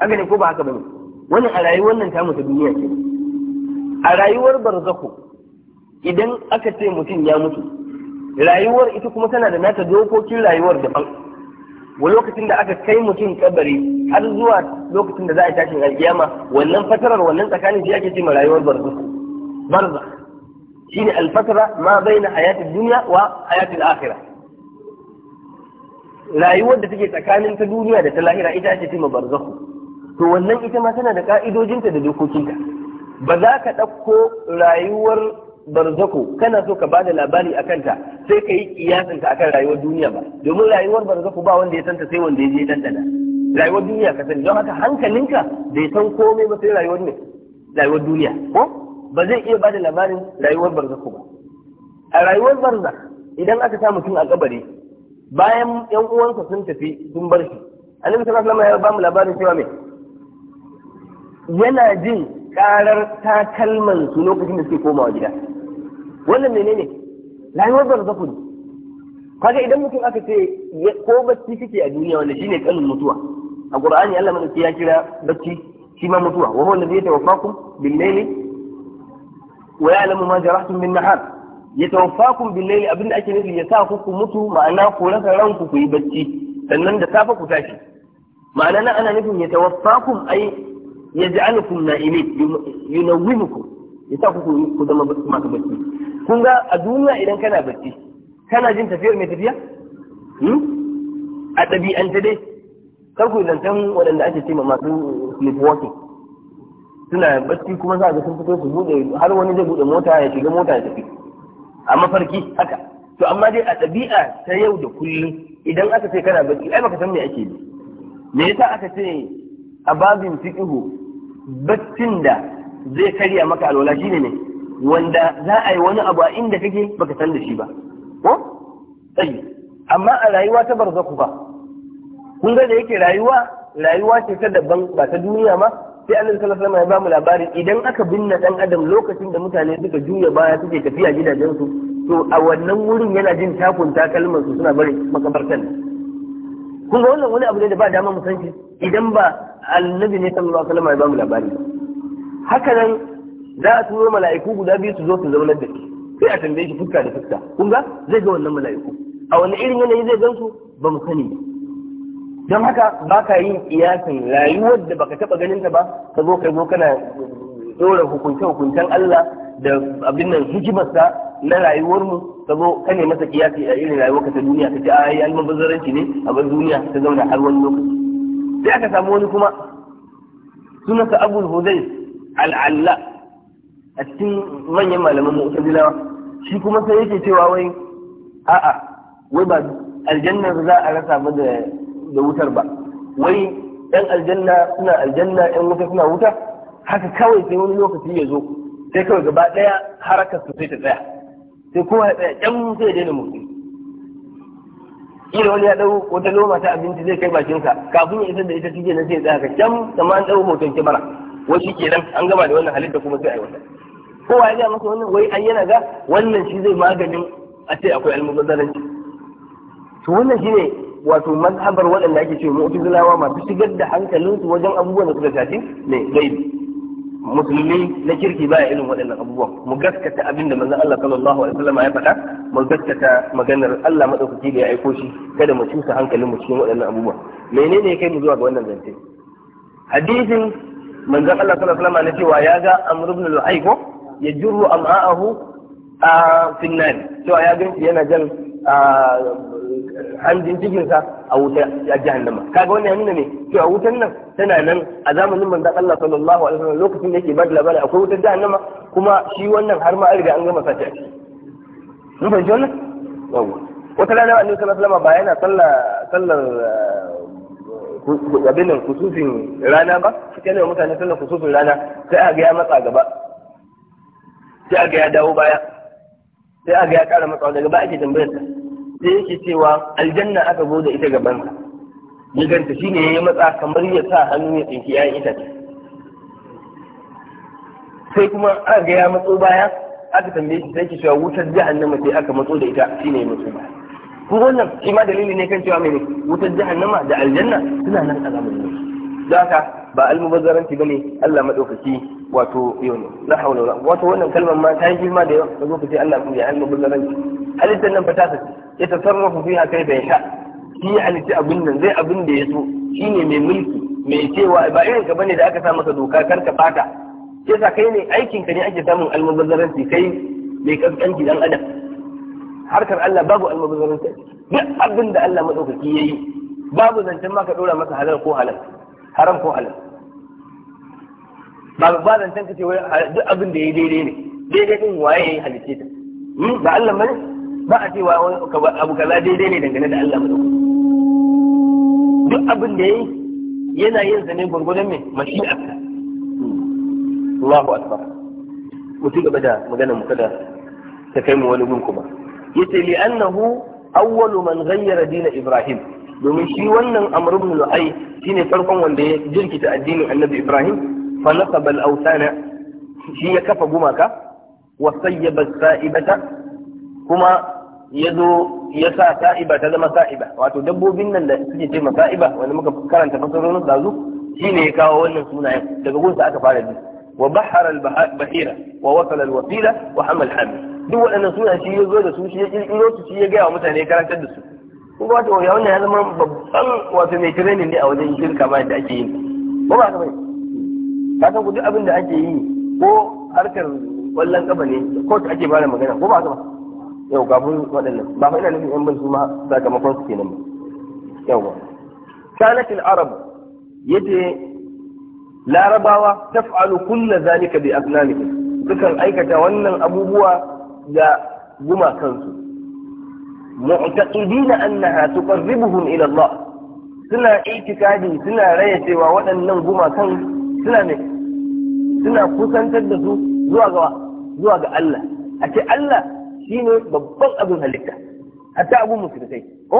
haka ne ko ba haka bane wani a rayuwar nan tamu ta duniya ce a rayuwar barzako idan aka ce mutum ya mutu rayuwar ita kuma tana da nata dokokin rayuwar ban wa lokacin da aka kai mutum kabari har zuwa lokacin da za a tashin alkiyama wannan fatarar wannan tsakanin shi ake ce ma rayuwar barzako barza shine alfatara ma baina hayatid dunya wa hayatil akhirah rayuwar da take tsakanin ta duniya da ta lahira ita ake ce ma barzakhu to wannan ita ma tana da ka'idojinta da dokokinta ba za ka ɗauko rayuwar barzako kana so ka bada labari a kanta sai ka yi kiyasinta akan rayuwar duniya ba domin rayuwar barzako ba wanda ya santa sai wanda ya je dandana rayuwar duniya ka sani don haka hankalinka bai san komai ba sai rayuwar ne rayuwar duniya ko ba zai iya bada labarin rayuwar barzako ba a rayuwar barzak idan aka sa mutum a kabari bayan yan uwansa sun tafi sun bar shi annabi sallallahu alaihi wasallam ya ba mu labarin cewa me yana jin karar takalman su lokacin da suke komawa gida wannan menene rayuwar zafi ne kaga idan mutum aka ce ko bacci kake a duniya wanda shine kanin mutuwa a qur'ani Allah mai ya kira bacci shi ma mutuwa wa huwa alladhi yatawaffakum bil layli wa ya'lamu ma jarahtum bin nahar yatawaffakum bil layli abinda ake nufi ya sa ku ku mutu ma'ana ku rasa ranku ku yi bacci sannan da safe ku tashi ma'ana nan ana nufin yatawaffakum ai yaj'alukum na'imin yunawwimukum yasa ku ku zama masu bacci kun ga a duniya idan kana bacci kana jin tafiyar mai tafiya hmm? a ɗabi'anta dai kar ku zantan waɗanda ake ce masu sleepwalking suna bacci kuma za a ga sun fito su buɗe har wani zai buɗe mota ya shiga mota ya tafi a mafarki haka to amma dai a ɗabi'a ta yau da kullum idan aka ce kana bacci ai baka san me ake yi me yasa aka ce a babin fiqhu baccin da zai karya maka alwala shine ne wanda za a yi wani abu a inda kake baka san da shi ba ko sai amma a rayuwa ta barzaku ba kun ga da yake rayuwa rayuwa ce ta daban ba ta duniya ma sai Allah sallallahu alaihi wasallam ya ba mu labarin idan aka binne dan adam lokacin da mutane suka juya baya suke tafiya gidajen su to a wannan wurin yana jin takun takalman su suna barin makabartan kun ga wannan wani abu ne da ba dama mu san shi idan ba annabi ne sallallahu alaihi wasallam ya ba mu labari haka nan za a turo mala'iku guda biyu su zo su zaunar da shi sai a tambaye shi fuska da fuska kun ga zai ga wannan mala'iku a wani irin yanayi zai gansu ba mu sani ba don haka ba ka yin iyakin rayuwar da baka taba ganin ta ba ka zo kai zo kana dora hukunce hukuncen Allah da abin nan hikimarsa na rayuwar mu ka zo ka masa kiyasi a irin rayuwar ka ta duniya ka ce a yi almubazzaranci ne a bar duniya ta zauna har wani lokaci sai aka samu wani kuma sunansa abul hudai al'alla a cikin manyan malaman mu'tazilawa shi kuma sai yake cewa wai a'a wai ba aljanna za a rasa ba da wutar ba wai yan aljanna suna aljanna yan wuta suna wuta haka kawai sai wani lokaci ya zo sai kawai gaba daya harakar su sai ta tsaya sai kowa ya tsaya yan sai ya daina mutum kila wani ya dau wata loma ta abinci zai kai bakin sa kafin ya isa da ita cikin nan sai ya tsaka can kamar an dau hoton kibara wai shi kenan an gama da wannan halitta kuma sai a yi wata kowa ya ga masa wannan wai an yana ga wannan shi zai maganin a ce akwai almubazzaranci to wannan shine wato mazhabar waɗanda ake cewa mu'tazilawa masu shigar da hankalinsu wajen abubuwan da suka shafi ne gaibi musulmi na kirki baya irin waɗannan abubuwan mu gaskata abin da manzon Allah sallallahu alaihi wasallam ya faɗa mu gaskata maganar Allah madaukaki da ya aiko shi kada mu cusa hankalin mu cikin waɗannan abubuwan menene ya kai mu zuwa ga wannan zance hadisin manzon Allah sallallahu alaihi wasallam na cewa ya ga Amr ibn Lu'ay ko jurru am'a'ahu a finnan cewa ya ganci yana jan hanjin cikinsa a wuta a jahannama kaga wannan ya nuna ne a wutan nan tana nan a zamanin manzo Allah sallallahu alaihi wasallam lokacin da yake bada labari akwai wutar jahannama kuma shi wannan har ma an riga an gama sace a ciki mun fahimci wannan yawa wata rana annabi sallallahu alaihi wasallam ba yana sallar sallar eh, abin nan kusufin rana ba sai ne mutane sallar kusufin rana sai a ga ya matsa gaba sai a ga ya dawo baya sai a ga ya kara matsa daga ba ake tambayar sai yake cewa aljanna aka zo da ita gaban sa ya ganta shine yayi matsa kamar ya sa hannu ya tsinki yayin ita sai kuma aka ga ya matso baya aka tambaye shi sai ke cewa wutar jahannama sai aka matso da ita shine ya matso baya ko wannan shi ma dalili ne kan cewa mai wutar jahannama da aljanna suna nan a zamanin da haka ba almubazzaranci bane Allah madaukaki wato yau ne la hawla wala wato wannan kalmar ma ta yi girma da yawa ka zo ka ce Allah ya almubazzaranci halittar nan fa ta sace ya tasarrafu fiha kaifa yasha shi ya halitta abin nan zai abin da ya so ne mai mulki mai cewa ba irin ka bane da aka sa maka doka kar ka bata yasa kai ne aikin ka ne ake samun almubazzaranci kai mai kaskanci dan adam harkar Allah babu almubazzaranci duk abin da Allah madaukaki yayi babu zancen ma ka dora masa halal ko halal haram ko halal ba ba zancen ka ce duk abin da yayi daidai ne daidai din waye ya halice ta hmm, ba Allah bane ba a cewa abu kaza daidai ne dangane da Allah mai duk abin da yayi yana yin sa ne gurgurdan mai Allahu akbar mu ci gaba da magana mu kada ta kai mu wani gun kuma yace li annahu awwalu man ghayyara dina Ibrahim domin shi wannan Amr ibn Lu'ay shine farkon wanda ya jirkita addinin Annabi Ibrahim fa nasaba al-awthana shi ya kafa gumaka wa sayyaba as-sa'ibata kuma ya zo ya sa sa'iba ta zama sa'iba wato dabbobin nan da suke ce sa'iba wanda muka karanta fasarorin dazu shine ya kawo wannan sunayen daga gunsa aka fara ji wa bahara al-bahira wa wasala al-wasila wa hamal hamil duk waɗannan sunayen shi ya zo da su shi ya kirkiro su shi ya gaya wa mutane karantar da su kuma wato ya wannan ya zama babban wato mai training ne a wajen shirka ma da ake yi ba ba ka bai ka san ku duk abin da ake yi ko harkar wallan kaba ne ko ake fara magana ko ba ka ba yau ga waɗannan ba ina nufin yan ban su ma sakamakon su kenan ba yawa kanat al-arab yace larabawa taf'alu kullu zalika bi asnamihim sukan aikata wannan abubuwa da gumakansu mu'taqidina annaha tuqarribuhum ila Allah suna itikadi suna raya cewa waɗannan gumakan suna ne suna kusantar da su zuwa ga zuwa ga Allah a ce Allah shine babban abin halitta hatta abun musulmai ko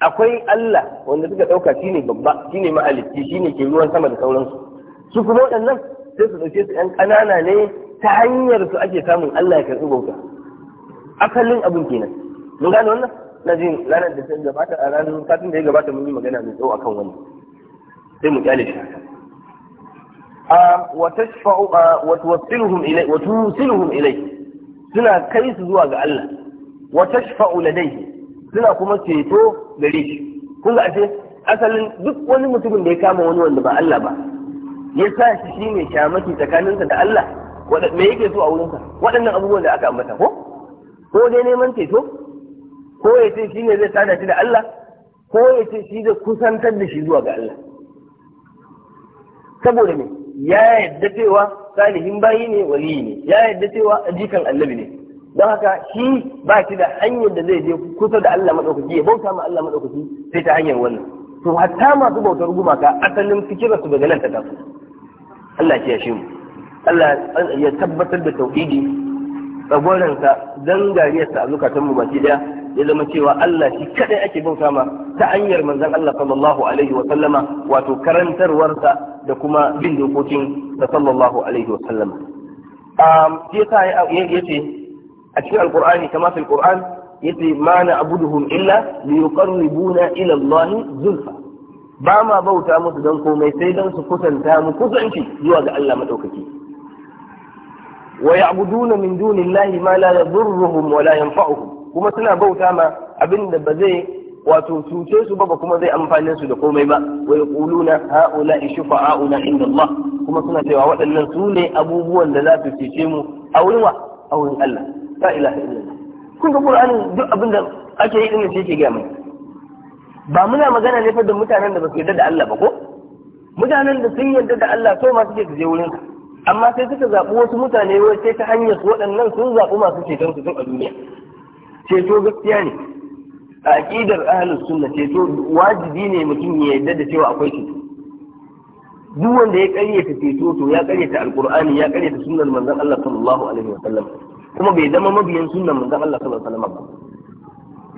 akwai Allah wanda suka dauka shine babba shine shi shine ke ruwan sama da sauransu su kuma waɗannan sai su dauke su ‘yan ƙanana ne ta hanyar su ake samun Allah ya karɓi bauta akalin abin kenan mun gane wannan na jin ranar da ta gabata a ranar satin da ya gabata mun yi magana mai tsawo akan wannan sai mu kyale shi wa tuwassiluhum وتوصلهم wa وتوصلهم إليه suna kai su zuwa ga Allah wa tashfa'u ladayhi suna kuma ceto gare shi kun ga ashe asalin duk wani mutumin da ya kama wani wanda ba Allah ba ya sa shi shine shamaki tsakaninsa da Allah me yake so a wurinsa waɗannan abubuwan da aka ambata ko ko dai neman ceto ko ya ce shine zai sada shi da Allah ko ya ce shi zai kusantar da shi zuwa ga Allah saboda me ya yadda cewa salihin bayi ne wali ne ya yadda cewa jikan annabi ne don haka shi ba shi da hanyar da zai je kusa da Allah madaukaki ya bauta ma Allah madaukaki sai ta hanyar wannan to hatta masu bautar gumaka asalin fikira su daga nan ta kasu, Allah ya shi mu Allah ya tabbatar da tauhidi tsagoransa dangariyarsa a zukatan mu baki daya ya zama cewa Allah shi kadai ake bauta ma ta hanyar manzon Allah sallallahu alaihi wa sallama wato karantarwarsa da kuma bin dokokin da sallallahu alaihi wa sallama um yasa yace a cikin alqur'ani kama fil qur'an yace ma na abuduhum illa liqarribuna ila Allah zulfa ba ma bauta musu dan komai sai zan su kusanta mu kusanci zuwa ga Allah madaukaki wa ya'buduna min dunillahi ma la yadurruhum wa la kuma suna bauta ma abin da ba zai wato cuce su ba kuma zai amfane su da komai ba wa yaquluna haula shufa'auna inda Allah kuma suna cewa waɗannan su ne abubuwan da za su cece mu a wurin wa a wurin Allah la ilaha illallah kun ga Qur'ani duk abin da ake yi din shi yake ga mai ba muna magana ne fa da mutanen da ba su yarda da Allah ba ko mutanen da sun yarda da Allah to ma suke je wurin amma sai suka zabu wasu mutane wai sai ta hanyar waɗannan sun zabu masu ceton su a duniya ceto gaskiya ne a aqidar ahlus sunna ceto wajibi ne mutum ya yarda da cewa akwai ceto duk wanda ya karyata ceto to ya karyata Alƙurani ya karyata sunnar manzon Allah sallallahu alaihi wa Sallam kuma bai zama mabiyan sunnar manzon Allah sallallahu alaihi wa Sallam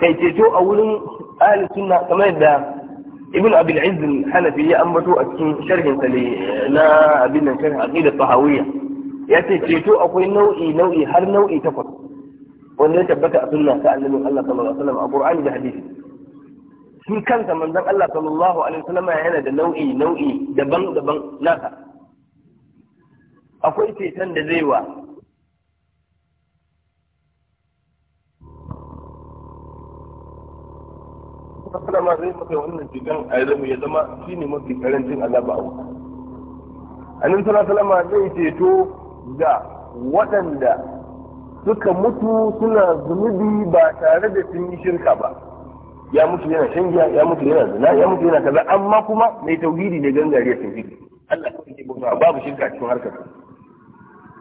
kai ceto a wurin ahlus sunna kamar yadda ibn abil izz hanafi ya ambato a cikin sharhin sa na abin nan sharhin aqidat tahawiyya ya ce ceto akwai nau'i nau'i har nau'i takwas wanda ya tabbata a sunna ta annabin Allah sallallahu alaihi wasallam a Qur'ani da hadisi shi kansa manzon Allah sallallahu alaihi wasallam yana da nau'i nau'i daban-daban nasa akwai ceton da zai wa sallama zai maka wannan ceton a yanzu ya zama shine mafi karancin azaba a wuta annabi sallallahu alaihi wasallam zai ceto ga waɗanda suka mutu suna zunubi ba tare da sun yi shirka ba ya mutu yana shan giya ya mutu yana zina ya mutu yana kaza amma kuma mai tauhidi ne gangare ya tauhidi Allah ka kike bauta babu shirka cikin harkar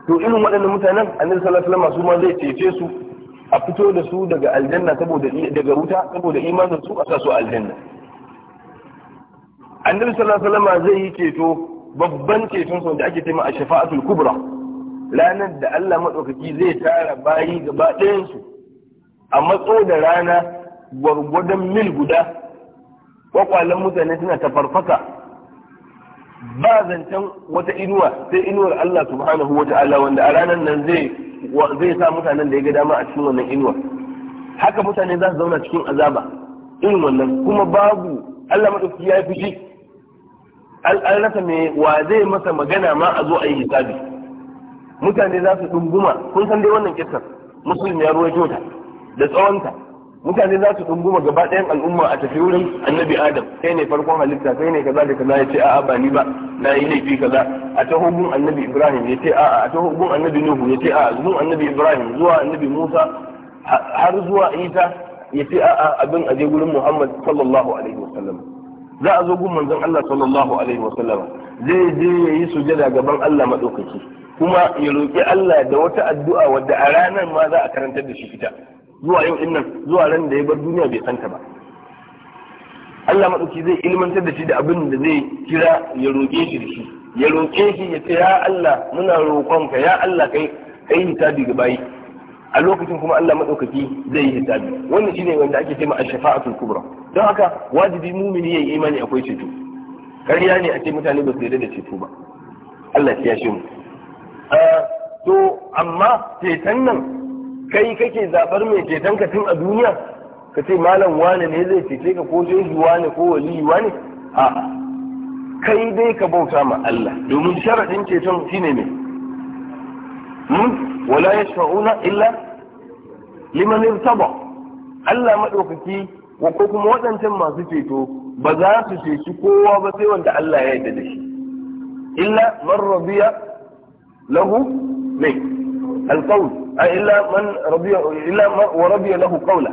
to irin waɗannan mutanen annabi sallallahu alaihi wasallam su ma zai cece su a fito da su daga aljanna saboda daga wuta saboda imanin su a sa su aljanna annabi sallallahu alaihi wasallam zai yi ceto babban ceton sa da ake cewa a shafa'atul kubra ranar da Allah maɗaukaki zai tara bayi gaba ɗayansu a matso da rana gwargwadon mil guda kwakwalen mutane suna ta farfaka ba zancen wata inuwa sai inuwar Allah subhanahu wa ta'ala wanda a ranar nan zai sa mutanen da ya ga dama a cikin wannan inuwa haka mutane za su zauna cikin azaba irin wannan kuma babu Allah maɗaukaki ya fi shi an mai wa zai masa magana ma a zo a yi hisabi mutane za su ɗunguma kun san dai wannan kirtan musulun ya ruwa ta da tsawonta mutane za su ɗunguma gaba ɗayan al'umma a tafi wurin annabi adam kai ne farkon halitta kai ne kaza da kaza ya ce a'a ba ni ba na yi laifi kaza a taho gun annabi ibrahim ya ce a'a a taho gun annabi nuhu ya ce a'a gun annabi ibrahim zuwa annabi musa har zuwa isa ya ce a'a abin a je gurin muhammad sallallahu alaihi wasallam za a zo gun manzon allah sallallahu alaihi wasallam zai je ya yi sujada gaban allah maɗaukaki kuma ya roƙi Allah da wata addu'a wadda a ranar ma za a karantar da shi fita, zuwa yau din nan zuwa ran da ya bar duniya bai santa ba Allah madauki zai ilmantar da shi da abin da zai kira ya roƙe shi da shi ya roƙe shi ya ce ya Allah muna ka ya Allah kai kai hisabi ga bayi a lokacin kuma Allah madaukaki zai yi hisabi wannan shine wanda ake cewa ash-shafa'atul kubra don haka wajibi mumini yayi imani akwai ceto ƙarya ne a ce mutane ba su yarda da ceto ba Allah ya shi mu to amma ceton nan kai kake zafar mai ceton ka tun a duniya ka ce malam wane ne zai cece ka ko shehu wane ko waliyu wane a'a kai dai ka bauta ma Allah domin sharaɗin ceton shine ne hmm? wala yashfa'una illa liman irtaba Allah madaukaki wa ko kuma waɗancan masu ceto ba za su ceci kowa ba sai wanda Allah ya yarda da shi illa man rabiya. له من القول allah من رضي إلا من ورضي له قوله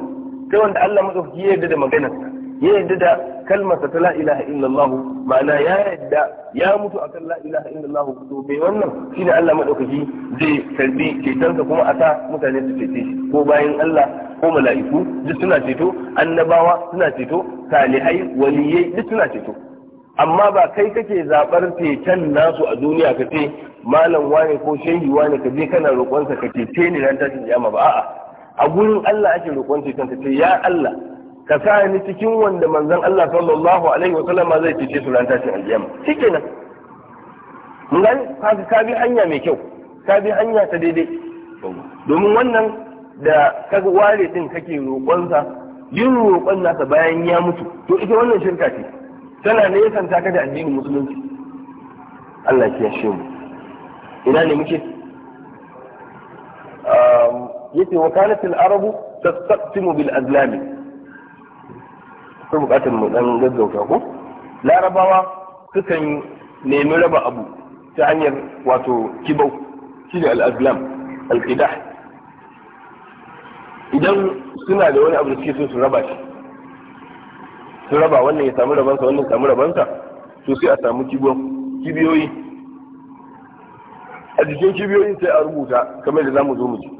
كون الله مدوكي يدد مغنسا يدد كلمة لا إله إلا الله معنى يا يدد يا متو أكل لا إله إلا الله كتوبي wannan shine Allah madaukaki zai karbi cetonsa kuma a sa mutane su cece ko bayan Allah ko mala'iku duk suna ceto annabawa suna ceto salihai waliyai duk suna ceto amma ba kai kake zaɓar ceton nasu a duniya ka ce malam wane ko shehi wane ka je kana roƙonsa ka cece ni ran tashin kiyama ba a'a a gurin Allah ake roƙon ceton ka ce ya Allah ka sa ni cikin wanda manzon Allah sallallahu alaihi wa sallama zai cece su ran tashin alkiyama shikenan mun gani ka bi hanya mai kyau ka bi hanya ta daidai domin wannan da ka ware din kake roƙonsa yin roƙon nasa bayan ya mutu to ita wannan shirka ce tana yasan ka da addinin musulunci Allah ya shi mu ina ne muke yace wakalat al-arabu tastaqtimu bil azlami ko bukatun mu dan gaggauta ko larabawa sukan nemi raba abu ta hanyar wato kibau shi da al-azlam al-qidah idan suna da wani abu da suke so su raba shi sun raba wannan ya samu rabansa wannan ya samu rabansa to sai a samu kibiyoyi a jikin kibiyoyin sai a rubuta kamar da zamu zo mu ji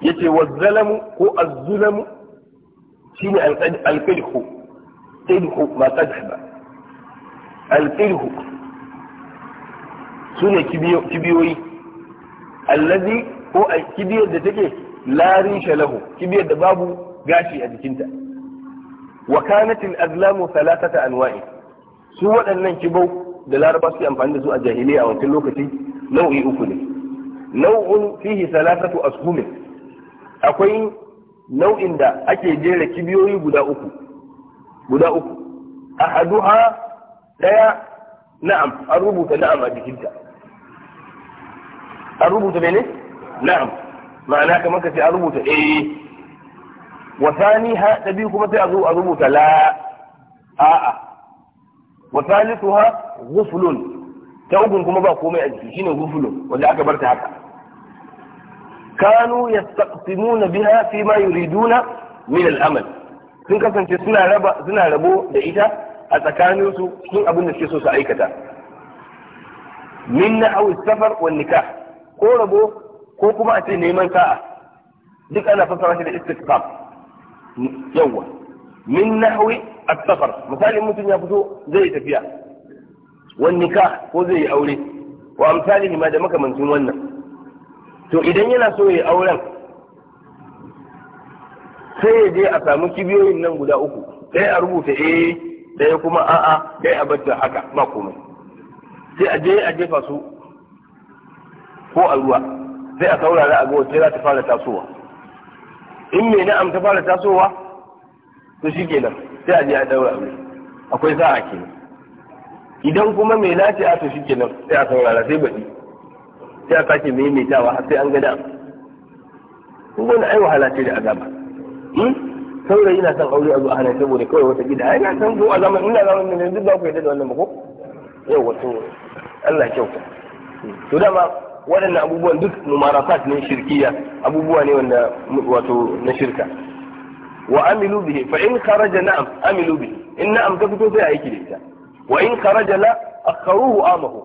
yace wazalamu ko azzulamu shine alqidhu qidhu ma qadhba alqidhu sune kibiyoyi allazi ko kibiyar da take la risha lahu kibiyar da babu gashi a jikinta wa kanat al-azlamu thalathata anwa'i su waɗannan kibau da laraba suke amfani da su a jahiliya a wancan lokaci nau'i uku ne nau'un fihi thalathatu ashumin akwai nau'in da ake jera kibiyoyi guda uku guda uku ahaduha daya na'am an rubuta na'am a jikinta an rubuta mene na'am ma'ana kamar ka ce an rubuta eh wa sani ha ta kuma sai a zo a rubuta a'a wa salisu ha gufulun ta ukun kuma ba komai a jiki shine gufulun wanda aka bar ta haka kanu yastaqsimuna biha fi ma yuriduna min al-amal sun kasance suna raba suna rabo da ita a tsakaninsu su abin da suke so su aikata min nahwi safar wan nikah ko rabo ko kuma a ce neman sa'a duk ana fassara da istiqam yawa min nahwi as safar misali mutum ya fito zai yi tafiya wan nikah ko zai yi aure wa amsalihi ma da makamancin wannan to idan yana so ya auren sai ya je a samu kibiyoyin nan guda uku ɗaya a rubuta eh ɗaya kuma a'a ɗaya a bata haka ba komai sai a je a jefa su ko a ruwa sai a saurara a ga wacce za ta fara tasowa in mai na'am ta fara tasowa to shi kenan sai a je a daura aure akwai sa'a ke. idan kuma mai lati a to shi kenan sai a saurara sai baɗi sai a sake maimaitawa har sai an ga na'am kun wani ai wahala ce da azaba hmm? saurayi yana son aure a zuwa hana saboda kawai wata gida ai na san zuwa a zaman ina zaman ne duk ba ku yadda da wannan ba ko yau wato Allah kyau. kyauta to dama waɗannan abubuwan duk numarasat ne shirkiya abubuwa ne wanda wato na shirka wa amilu bihi fa in kharaja na'am amilu bihi in na'am ta fito sai aiki da ita wa in kharaja la akharuhu amahu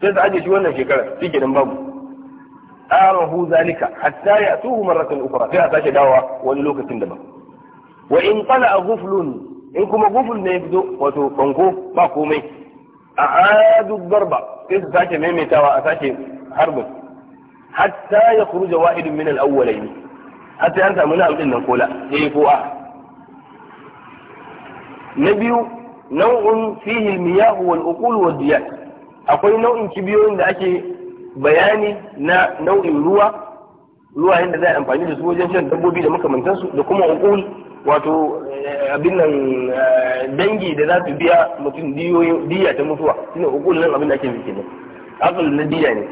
sai ta aje shi wannan shekarar shike nan babu amahu zalika hatta ya'tuhu marratan ukhra sai a sake dawowa wani lokacin daban wa in tala'a ghuflun in kuma guful ne ya fito wato banko ba komai a adu barba sai su sake maimaitawa a sake harbin hatta ya kuruja wa'idin min al hatta an samu na'am din nan kola eh ko a na biyu nau'un fihi al-miyah wal uqul wad diyat akwai nau'in kibiyoyin da ake bayani na nau'in ruwa ruwa yadda za a amfani da su wajen shan dabbobi da makamantansu da kuma uqul wato abin nan eh, dangi da za su biya mutum diya ta mutuwa shine hukun nan abin da ake nufi ne asal na diya ne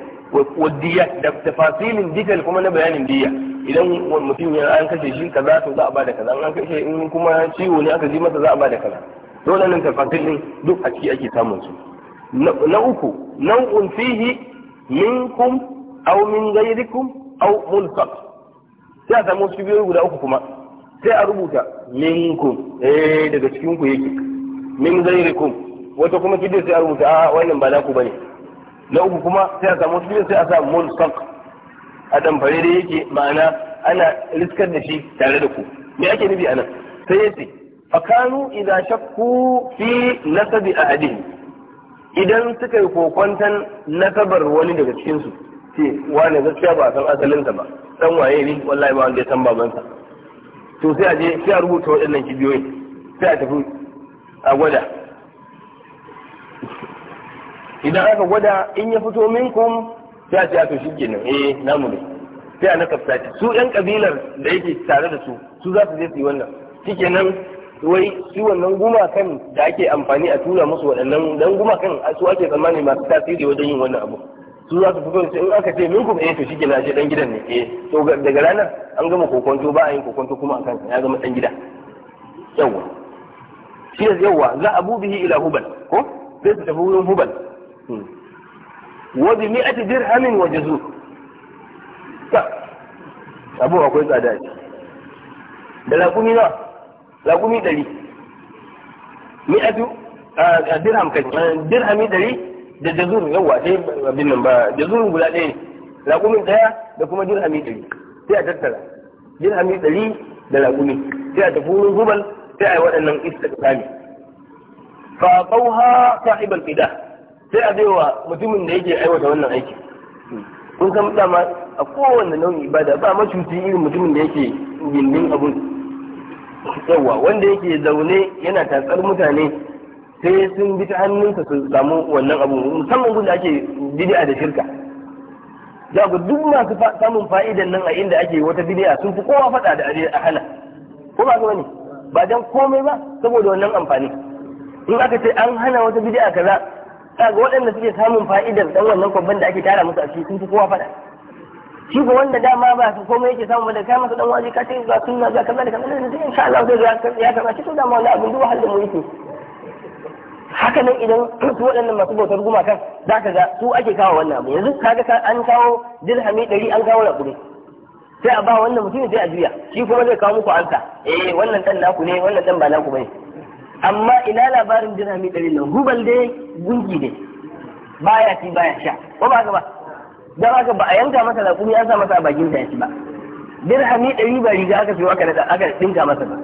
wa diya da tafasilin detail kuma na bayanin diya idan mutum ya an kashe shi kaza to za a bada kaza an kashe in kuma ciwo ne aka ji masa za a bada kaza dole nan tafasilin duk a ciki ake samun su na uku nau'un fihi minkum aw min ghayrikum aw mulkak sai a samu su biyu guda uku kuma sai a rubuta minkum eh daga cikin ku yake min zairikum wata kuma kidin sai a rubuta a ah, wannan ba ku bane na uku kuma sai a samu kidin sai a sa mulsaq a damfare da yake ma'ana ana riskar da shi tare da ku me ake nufi anan sai yace fakanu idza shakku fi nasabi ahadin idan suka yi kokwantan nasabar wani daga cikinsu ce wane gaskiya ba a san asalinsa ba dan waye ne wallahi ba wanda ya san babansa to sai a je sai a rubuta waɗannan kibiyoyin sai a tafi a gwada idan aka gwada in ya fito minkum sai a ce to shi kenan eh namu ne sai a na kafsati su yan kabilar da yake tare da su su za su je su yi wannan nan wai su wannan gumakan da ake amfani a tura musu waɗannan dan gumakan su ake tsammani masu tasiri wajen yin wannan abu su za su fito da in aka ce minkum eh to shi na ce dan gidan ne eh to daga ranar an gama kokonto ba a yin kokonto kuma a kansa ya zama dan gida yawwa shi ne yawwa za a bihi ila hubal ko sai su tafi wurin hubal hmm. wa bi mi'ati dirhamin wa jazu abu akwai tsada ce da laƙumi na laƙumi ɗari mi'atu dirham kai dirhami ɗari da jazur yawa dai abin nan ba jazur guda ɗaya Laƙumin ɗaya da kuma dirhami ɗari sai a tattara dirhami ɗari da raƙumi sai a tafi wurin zubal sai a yi waɗannan istiqsami fa qawha sahibal qida sai a baiwa mutumin da yake aiwata wannan aiki kun san dama a kowanne nau'in ibada ba macuti irin mutumin da yake gindin abun yawa wanda yake zaune yana tatsar mutane sai sun bi ta hannunsa su samu wannan abu musamman gunda ake bid'a da shirka za ku duk masu samun fa'idan nan a inda ake wata bid'a sun fi kowa faɗa da a hana ko ba ne ba dan komai ba saboda wannan amfani in aka ce an hana wata bid'a kaza kaga waɗanda suke samun fa'idan dan wannan kwabban da ake tara musu a ciki sun fi kowa faɗa shi ba wanda dama ba su komai yake samu da kai masa dan waje ka ce ga sunna ga kaza da kaza da insha Allah zai ya karba shi to dama wannan abin duk wahalar mu yake haka nan idan su waɗannan masu bautar gumakan za ka ga su ake kawo wannan abu yanzu kaga an kawo dirhami ɗari an kawo raƙuri sai a ba wannan mutum sai a juya shi kuma zai kawo muku ansa eh wannan ɗan naku ne wannan ɗan ba naku bane amma ina labarin dirhami ɗari nan hubal dai gungi ne baya ci baya sha ko ba ka ba dan haka ba a yanka masa raƙuri an sa masa a bakin sa ya ci ba dirhami ɗari ba riga aka fi aka aka dinka masa ba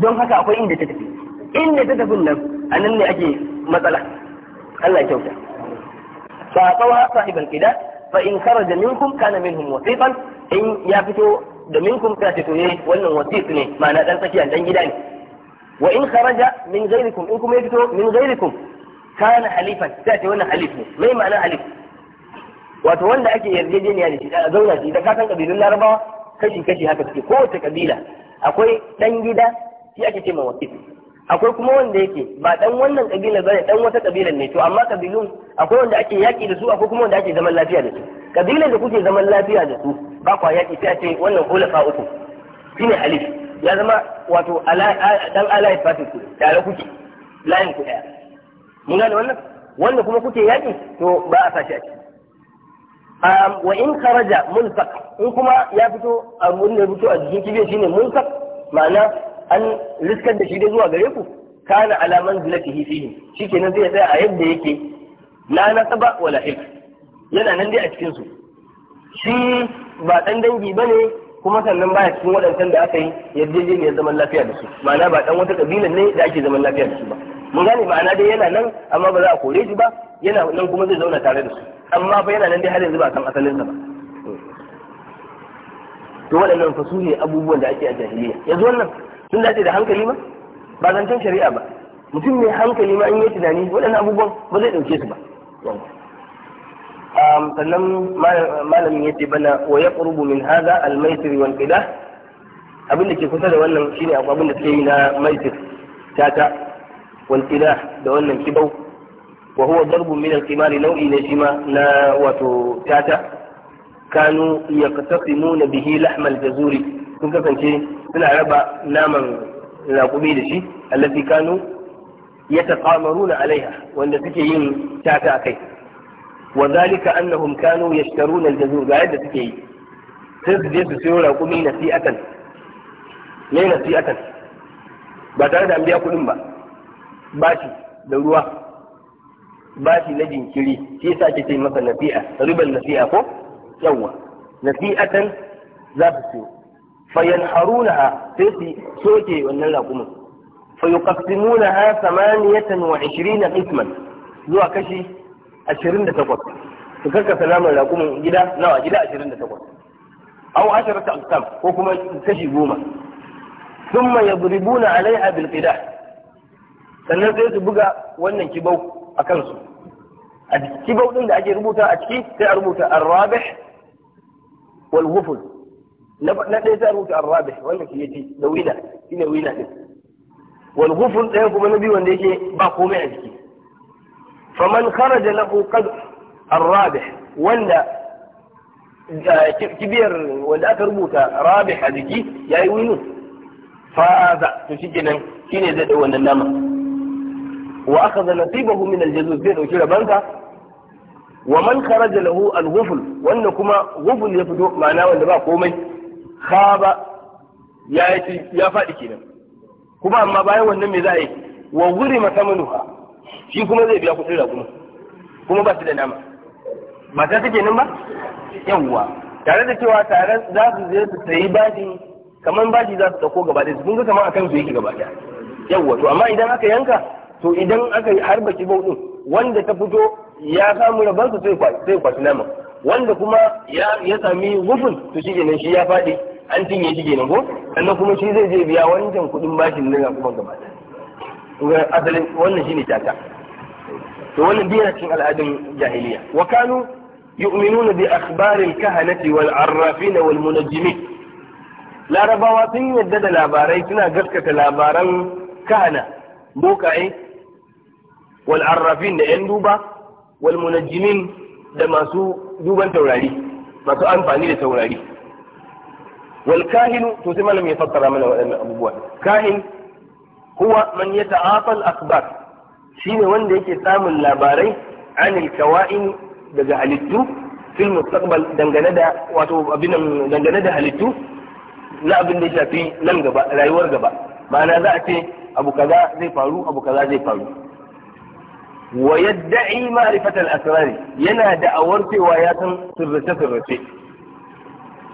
don haka akwai inda ta tafi in inda ta tafin nan a nan ne ake matsala Allah kyauta fa qawa sahibal qida fa in kharaja minkum kana minhum wasiqan in ya fito da minkum ka ce to yayi eh, wannan wasiq ne ma'ana dan tsakiya dan gida ne wa in kharaja min ghairikum in kuma ya fito min ghairikum kana halifan ta ce wannan halif ne mai ma'ana halif wato wanda ake yarjejeniya da shi a zauna shi da kasan kabilun larabawa kashi kashi haka suke kowace kabila akwai dan gida shi ake ce ma wakil akwai kuma wanda yake ba dan wannan kabila bane dan wata kabila ne to amma kabilun akwai wanda ake yaki da su akwai kuma wanda ake zaman lafiya da su kabilar da kuke zaman lafiya da su ba kwa yaki sai ce wannan hulafa uku shine alif ya zama wato dan alai fatu ku tare kuke layin ku daya mun gane wannan wanda kuma kuke yaki to ba a sashi a ciki um, wa in kharaja mulfaq in kuma ya fito abun da ya fito a jikin kibiyar shine mulfaq ma'ana an riskar da shi dai zuwa gare ku kana ala Shi ke shikenan zai tsaya a yadda yake la nasaba wala ilm yana nan dai a cikin su shi ba dan dangi bane kuma sannan baya cikin waɗancan da aka yi ya zaman lafiya da su ma'ana ba dan wata kabila ne da ake zaman lafiya da su ba mun gane ma'ana dai yana nan amma ba za a kore shi ba yana nan kuma zai zauna tare da su amma fa yana nan dai har yanzu ba san asalinsa ba to waɗannan fa su ne abubuwan da ake a jahiliya yanzu wannan sun dace da hankali ma ba zancen shari'a ba mutum mai hankali ma in yi tunani waɗannan abubuwan ba zai ɗauke su ba sannan malamin ya ce bana wa ya ƙurubu min haza almaitir wal qida abin da ke kusa da wannan shine abin da suke yi na maitir tata wal qida da wannan kibau wa huwa darbun min al qimari nau'i ne shi ma na wato tata kanu yaqtasimuna bihi lahmal jazuri sun kasance suna raba naman raƙumi da shi allafi kanu ya taqamaruna alaiha wanda suke yin tata akai wa zalika annahum kanu yashtaruna al-jazur ga yadda suke yi sai su je su siyo raƙumi nasi'atan ne nasi'atan ba tare da an biya kuɗin ba bashi da ruwa bashi na jinkiri shi yasa ake ce masa nasi'a riban nasi'a ko yawwa nasi'atan za su siyo fayanharunaha sai su soke wannan raƙumin fayuqassimunaha samaniyatan wa a qisman zuwa kashi ashirin da takwas su karkasa naman raƙumin gida nawa gida ashirin da takwas aw asharata aqsam ko kuma kashi sannan sai su buga wannan kibau a kansu a kibau din da ake rubuta a ciki sai a rubuta arrabih wal ghufl na ɗaya za a rubuta arrabih wannan shi yace da wina shine wina din wal ghufl ɗaya kuma na biyu wanda yake ba komai a jiki faman kharaja lahu qad arrabih wanda kibiyar wanda aka rubuta rabih a jiki yayi winu faza to shikenan shine zai dau wannan nama wa akhadha nasibahu min al-jazuz zai dauki rabansa wa man kharaja lahu al-ghufl wanda kuma ghufl ya fito ma'ana wanda ba komai khaba ya ya faɗi kenan kuma amma bayan wannan me za a yi wa wuri masamanuha shi kuma zai biya kuɗin raƙuma kuma ba su da nama ba ta take nan ba yawwa tare da cewa tare za su je su sayi baji kamar baji za su ɗauko gaba ɗaya kun ga kamar akan su yake gaba ɗaya yawwa to amma idan aka yanka to idan aka yi harba kibau ɗin wanda ta fito ya samu rabansa sai kwashi nama wanda kuma ya sami wufin to shi ne shi ya faɗi an cinye shi kenan ko sannan kuma shi zai je biya wancan kuɗin bashin nan kuma gaba ɗaya asalin wannan shine tata to wannan biya cikin al'adun jahiliya wa kanu yu'minuna bi akhbaril kahanati wal arrafin wal munajjimin larabawa sun yadda da labarai suna gaskata labaran kahana bokaye wal arrafin da yan duba wal munajjimin da masu duban taurari masu amfani da taurari wal kahinu to sai malam ya fassara mana waɗannan abubuwa kahin huwa man yata'afa al akhbar shine wanda yake samun labarai anil kawa'in daga halittu fil mustaqbal dangane da halittu na abin da ya shafi nan gaba rayuwar gaba ma'ana za ce abu kaza zai faru abu kaza zai faru wa yadda'i ma'rifatal asrari yana da cewa ya san sirrace sirrace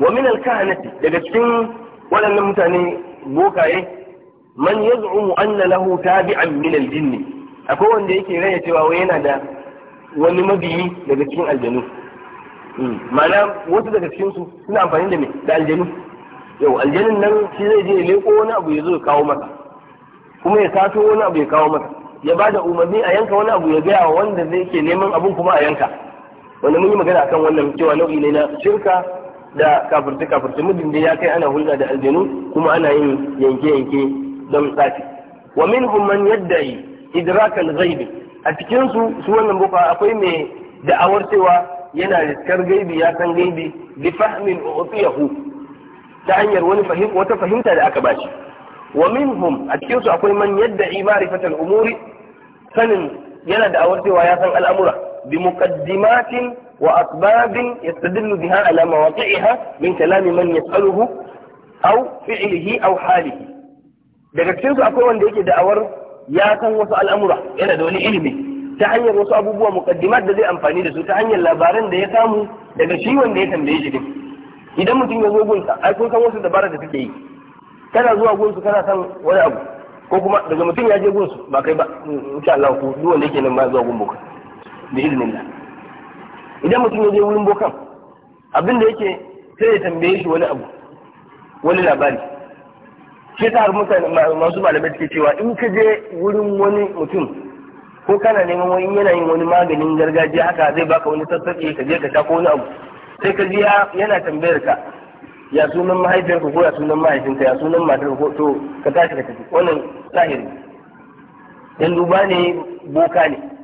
wa min al-kahana daga cikin waɗannan mutane bokaye man yaz'umu anna lahu tabi'an min al-jinn akwai wanda yake raya cewa wai yana da wani mabiyi daga cikin aljanu hmm. ma'ana wasu daga cikin su suna amfani da me da aljanu yau aljanin nan shi zai je ya leko wani abu ya zo ya kawo masa kuma ya sato wani abu ya kawo masa ya ba da umarni a yanka wani abu ya gaya wa wanda zai ke neman abun kuma a yanka wanda mun yi magana akan wannan cewa nau'i ne na shirka da kafirce kafirce muddin da ya kai ana hulɗa da aljanu kuma ana yin yanke yanke don tsaki wa minhum man yi idrakal ghaibi a cikinsu su wannan buka akwai mai da'awar cewa yana riskar gaibi ya san gaibi bi fahmin utiyahu ta hanyar wani fahim wata fahimta da aka bashi wa minhum a cikinsu akwai man yadda'i ma'rifatal umuri sanin yana da'awar cewa ya san al'amura bi muqaddimatin وأسباب يستدل بها على مواقعها من كلام من يسأله أو فعله أو حاله daga cikin su akwai wanda yake da'awar ya san wasu al'amura yana da wani ilimi ta hanyar wasu abubuwa muqaddimat da zai amfani da su ta hanyar labaran da ya samu daga shi wanda ya tambaye shi din idan mutum ya zo gunsa ai kun san wasu dabara da suke yi kana zuwa gunsu kana san wani abu ko kuma daga mutum ya je gunsu ba kai ba insha Allah ko duk wanda yake nan ma zuwa gunbuka izinin idnillah idan mutum ya je wurin bokan abin da yake sai ya tambaye shi wani abu wani labari shi ta mutane masu malamai suke cewa in ka je wurin wani mutum ko kana neman wani yana yin wani maganin gargajiya haka zai baka wani sassaƙi ka je ka sha ko wani abu sai ka ji yana tambayar ka ya sunan mahaifiyarka ko ya sunan mahaifinka ya sunan matar ko to ka tashi ka tafi wannan sahiri dan duba ne boka ne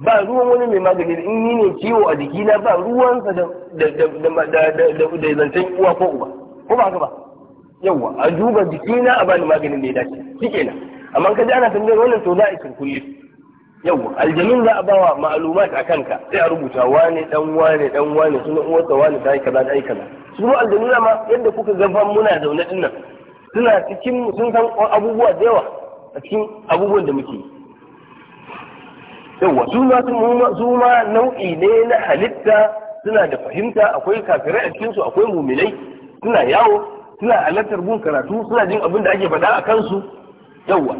ba ruwan wani mai magani in ni ne ciwo a jikina ba ruwansa da zancen uwa ko uba ko ba haka ba Yawwa. a duba jikina a bani maganin da ya dace kenan. amma ka ji ana tambayar wannan to za a isin kulle yawa aljamin za a bawa ma'alumat a kanka sai a rubuta wane dan wane dan wane sunan uwarsa wane ta yi kaza da yi kaza su ma aljamina ma yadda kuka gafa muna zaune dinnan suna cikin sun san abubuwa da yawa a cikin abubuwan da muke yi yawa su ma su ma nau'i ne na halitta suna da fahimta akwai kafirai a cikin su akwai muminai suna yawo suna halartar bun karatu suna jin abin da ake faɗa a kansu yawa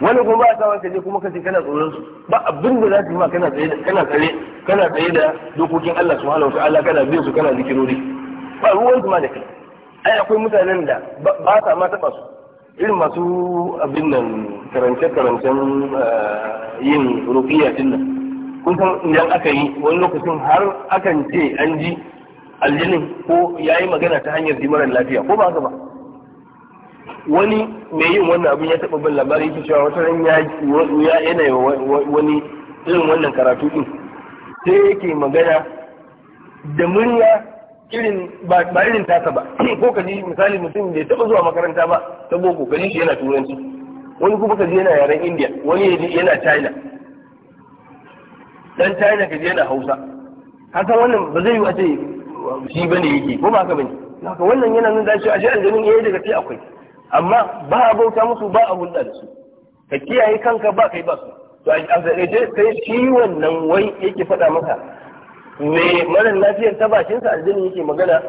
wani kuma ba sa wanka je kuma kace kana tsoron su ba abin da za su yi ma kana tsaye kana tsaye kana tsaye da dokokin Allah subhanahu wa ta'ala kana bin su kana zikirori ba ruwan su ma da kai ai akwai mutanen da ba sa ma taba su irin masu abin nan karance-karancen eh, yin rufiya din nan kun san idan aka yi wani lokacin har akan ce an ji aljinin ko ya yi magana ta hanyar jimarar lafiya ko ba haka ba wani mai yin wannan abin ya taɓa bin labari yake cewa wata ran ya yana wani irin wannan karatu din sai yake magana da murya irin ba irin tasa ba ko ka ji misali mutum bai taba zuwa makaranta ba ta boko ka ji shi yana turanci wani kuma ka ji yana yaren India wani yana China dan China ka ji yana Hausa haka wannan ba zai yi a ce shi ne yake ko ba ka bane haka wannan yana nuna da shi a shi ya yayi daga sai akwai amma ba a bauta musu ba a hulɗa da su ka kiyaye kanka ba kai ba su to a kai kai shi wannan wai yake faɗa maka me marar lafiyar ta bakin sa aljini yake magana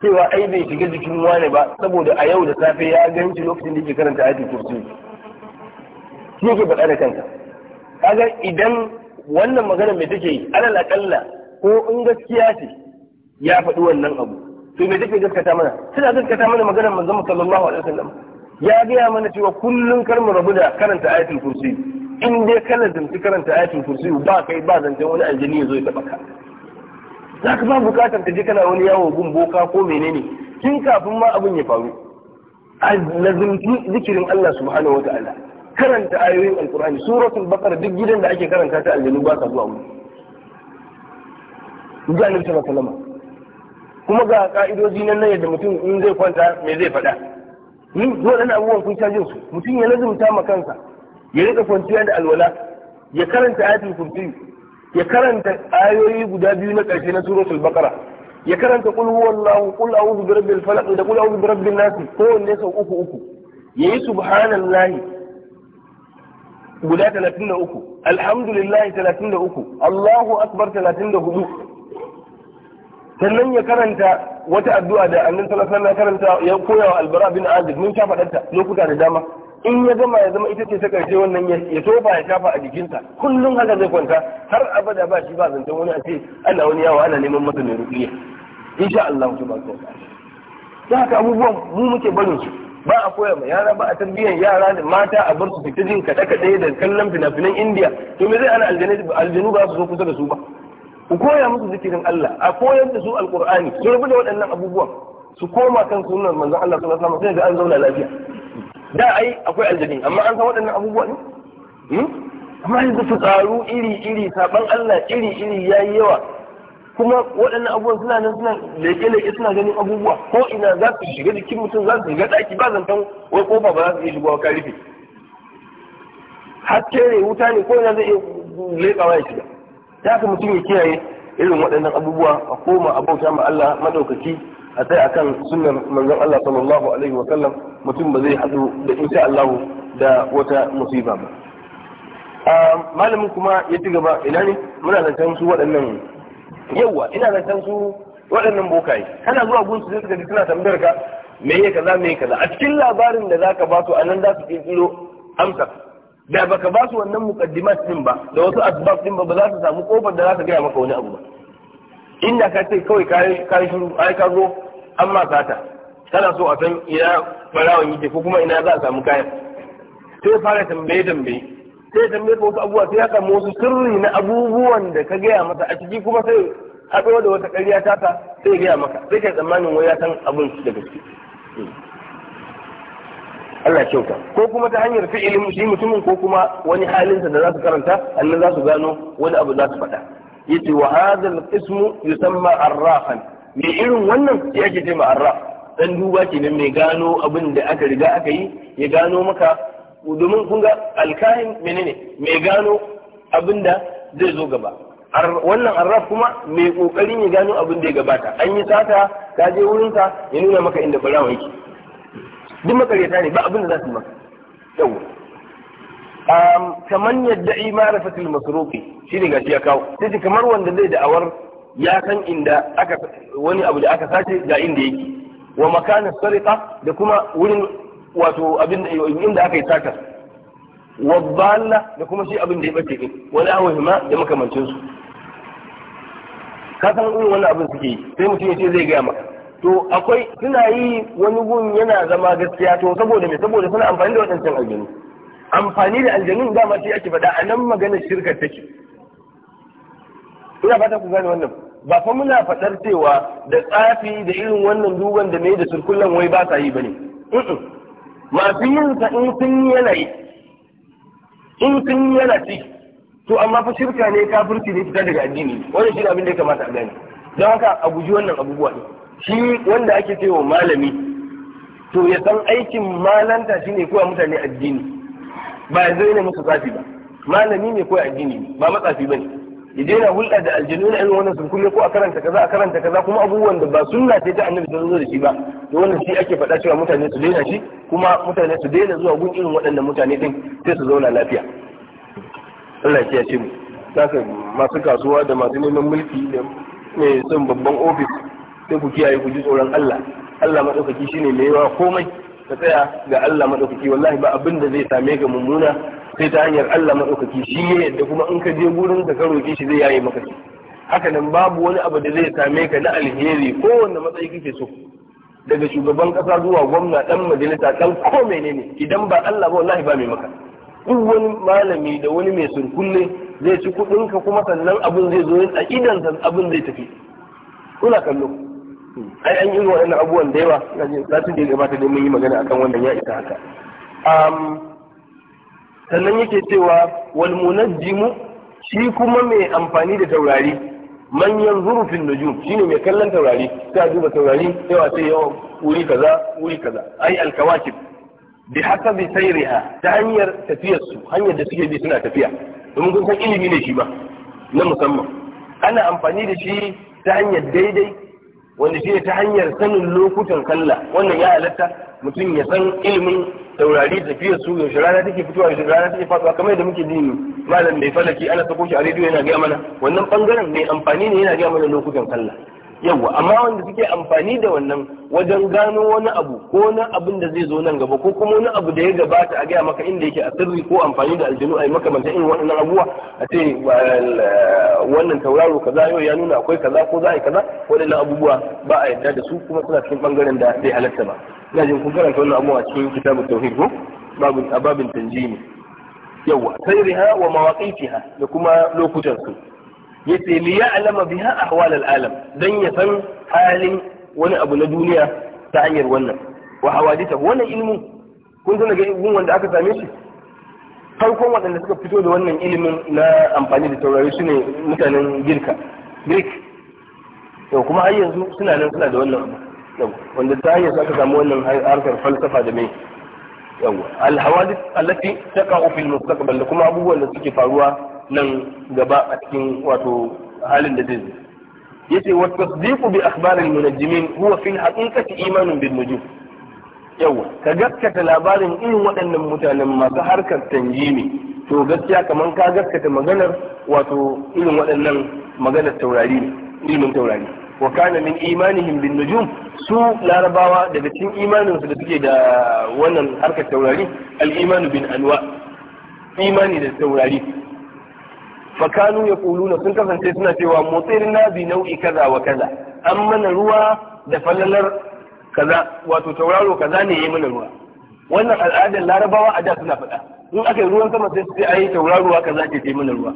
cewa ai bai shiga jikin wani ba saboda a yau da safe ya ganci lokacin da yake karanta ayatul kursi shi yake bada da kanka kaga idan wannan magana mai take yi alal aqalla ko in gaskiya ce ya faɗi wannan abu to me take gaskata mana tana gaskata mana maganar manzon sallallahu alaihi wasallam ya gaya mana cewa kullum kar mu rabu da karanta ayatul kursi in dai kana zanci karanta ayatul kursi ba kai ba zancen wani aljini ya zo ya taba ka za ka ba bukatar ka je kana wani yawo gun boka ko menene tun kafin ma abin ya faru a lazimci zikirin Allah subhanahu wa ta'ala karanta ayoyin alkur'ani suratul baqara duk gidan da ake karanta ta aljanu ba ka zuwa wuri ji annabi sallallahu alaihi kuma ga ka'idoji nan yadda mutum in zai kwanta me zai faɗa ni waɗannan abubuwan kun cajin su mutum ya lazimta ma kansa ya rika kwanciya da alwala ya karanta ayatul kursi ya karanta ayoyi guda biyu na ƙarshe na suratul baqara ya karanta qul huwallahu qul a'udhu birabbil falaq da qul a'udhu birabbin nas kowanne sau uku uku yayi subhanallahi guda 33 alhamdulillahi 33 Allahu akbar 34 sannan ya karanta wata addu'a da annabi sallallahu alaihi wasallam ya karanta ya koya wa albara bin azib mun ta faɗarta lokuta da dama in ya zama ya zama ita ce ta karshe wannan ya ba ya shafa a jikinta kullum haka zai kwanta har abada ba shi ba zancen wani a ce ana wani yawa ana neman masa mai in sha Allah ta barka ta haka abubuwan mu muke barin su ba a koya ma yara ba a tarbiyyar yara da mata a bar su fita jin kaɗe kaɗe da kallon fina-finan Indiya to me zai ana aljanu ba su zo kusa da su ba ku koya musu zikirin Allah a koyar da su Alƙur'ani su rubuta waɗannan abubuwan su koma kan sunan manzon Allah sallallahu alaihi wasallam sai da an zauna lafiya da ai akwai aljani amma an san waɗannan abubuwa ne hmm? amma yanzu fitsaru iri iri saban Allah iri iri ya yi yawa kuma waɗannan abubuwan suna nan suna leke-leke suna ganin abubuwa ko ina za su shiga jikin mutum za su shiga ɗaki ba zantan wai kofa ba za su iya shigowa ka rufe haske ne wuta ne ko ina zai iya leƙawa ya shiga ta mutum ya kiyaye irin waɗannan abubuwa a koma a bauta ma Allah madaukaki a tsaya akan sunnar manzon Allah sallallahu alaihi wa sallam mutum ba zai hadu da insha Allah da wata musiba ba malamin kuma ya ci gaba ina ne muna zancen su waɗannan yawa ina zancen su waɗannan bokaye kana zuwa gunsu sai suka ji suna tambayar ka me ya kaza me kaza a cikin labarin da zaka ba su anan za su kirkiro amsa da baka ba su wannan muqaddimat din ba da wasu asbab din ba ba za su samu kofar da za su gaya maka wani abu ba inda ka ce kawai kayan shuru ai ka zo an ma sata kana so a san ina farawan yake ko kuma ina za a samu kayan sai fara tambaye tambaye sai tambaye ka wasu abubuwa sai ya samu wasu sirri na abubuwan da ka gaya masa a ciki kuma sai haɗo da wata ƙarya tata sai gaya maka sai kai tsammanin wai ya san abin da gaske Allah kyauta ko kuma ta hanyar fi'ilin shi mutumin ko kuma wani halinsa da za su karanta annan za su gano wani abu za su faɗa yace wa hadha al-ismu yusamma arrafan me irin wannan ya ke ce ma arraf dan duba kenan mai gano abin da aka riga aka yi ya gano maka domin kun ga alkahin menene mai gano abin da zai zo gaba wannan arraf kuma mai kokarin ya gano abin da ya gabata an yi sata ka je wurinsa ya nuna maka inda barawa yake duk makareta ne ba abin da za su maka yawa kamar yadda i ma'rifatul masruqi shine gashi ya kawo sai kamar wanda zai da'awar ya san inda aka wani abu da aka sace ga inda yake wa makanin sarika da kuma wurin wato abin inda aka yi sakar wa balla da kuma shi abin da ya bace din wani awahima da makamancin su ka san irin wannan abin suke yi sai mutum ya ce zai gaya maka to akwai suna yi wani gun yana zama gaskiya to saboda me saboda suna amfani da waɗancan aljanu amfani da aljanun dama sai ake faɗa a nan maganar shirkar take ina fata ku gane wannan ba fa muna faɗar cewa da tsafi da irin wannan duban da mai da surkullan wai ba sa yi bane fi yin sa in sun yana yi in sun yana ci to amma fa shirka ne kafirci ne fita daga addini wannan shi abin da ya kamata a gane don haka a guji wannan abubuwa ne shi wanda ake cewa malami to ya san aikin malanta shine kuwa mutane addini ba yanzu na musu zafi ba malami ne ko addini ba matsafi bane ya daina hulɗa da aljanu na irin wannan sun ko a karanta kaza a karanta kaza kuma abubuwan da ba sunna ce ta annabi da zo da shi ba to wannan shi ake faɗa cewa mutane su daina shi kuma mutane su daina zuwa gun irin waɗannan mutane din sai su zauna lafiya Allah ya ce mu saka masu kasuwa da masu neman mulki da mai son babban ofis sai ku kiyaye ku ji tsoron Allah Allah madaukaki shine mai yawa komai ka tsaya ga Allah madaukaki wallahi ba abin da zai same ga mummuna sai ta hanyar Allah madaukaki shi ya yadda kuma in ka je gurin ka roƙe shi zai yaye maka shi haka babu wani abu da zai same ka na alheri kowanne matsayi kake so daga shugaban kasa zuwa gwamna dan majalisa dan ko menene idan ba Allah ba wallahi ba mai maka duk wani malami da wani mai surkulle zai ci kudin ka kuma sannan abin zai zo a idan abin zai tafi kuna kallo ai an yi waɗannan abubuwan da yawa satin da ya gabata dai mun yi magana akan wannan ya isa haka sannan yake cewa wal munajjimu shi kuma mai amfani da taurari man yanzuru fil nujum shine mai kallon taurari ta duba taurari yawa sai yawa wuri kaza wuri kaza ai al kawakib bi hasabi sayriha ta hanyar tafiyar su hanyar da suke bi suna tafiya domin kun san ilimi ne shi ba na musamman ana amfani da shi ta hanyar daidai wanda shi ta hanyar sanin lokutan kalla, wannan ya halatta mutum ya san ilimin taurari tafiyar su yaushe rana take fitowa yaushe rana take faduwa kamar yadda muke jini malam mai falaki ana sako shi a rediyo yana gaya mana wannan bangaren mai amfani ne yana gaya mana lokutan kalla. yawa amma wanda suke amfani da wannan wajen gano wani abu ko wani abin da zai zo nan gaba ko kuma wani abu da ya gabata a gaya maka inda yake a sirri ko amfani da aljanu a yi makamantan in waɗannan abubuwa a ce uh, wannan tauraro kaza yau ya nuna akwai kaza ko za a yi kaza waɗannan abubuwa ba a yarda da su kuma suna cikin ɓangaren da zai halatta ba ina jin kun karanta wannan abubuwa cikin kitabun tauhid ko babin Tanjini. tanjimi yawa riha wa ha da kuma lokutan su yace li ya'lama biha ahwal al-alam dan ya san halin wani abu na duniya ta hanyar wannan wa hawadita wannan ilmin kun tuna ga ilmin wanda aka same shi farkon waɗanda suka fito da wannan ilimin na amfani da taurari su ne mutanen girka greek to kuma har yanzu suna nan suna da wannan abu wanda ta hanyar aka samu wannan harkar falsafa da mai yawa alhawadith allati taqa'u fil mustaqbal da kuma abubuwan da suke faruwa nan gaba a cikin wato halin da zai yace wa tasdiqu bi akhbaril munajjimin huwa fil haqiqati imanun bin nujum yawa ka gaskata labarin irin waɗannan mutanen masu harkar tanjimi to gaskiya kamar ka gaskata maganar wato irin waɗannan maganar taurari ne ilimin taurari wa kana min imanihim bin nujum su larabawa daga cikin imaninsu da suke da wannan harkar taurari al-imanu bin anwa imani da taurari fakanu ya na sun kasance suna cewa motsin na bi nau'i kaza wa kaza an mana ruwa da falalar kaza wato tauraro kaza ne ya mana ruwa wannan al'adar larabawa a da suna faɗa in aka yi ruwan sama sai sai ayi tauraruwa kaza ce ta mana ruwa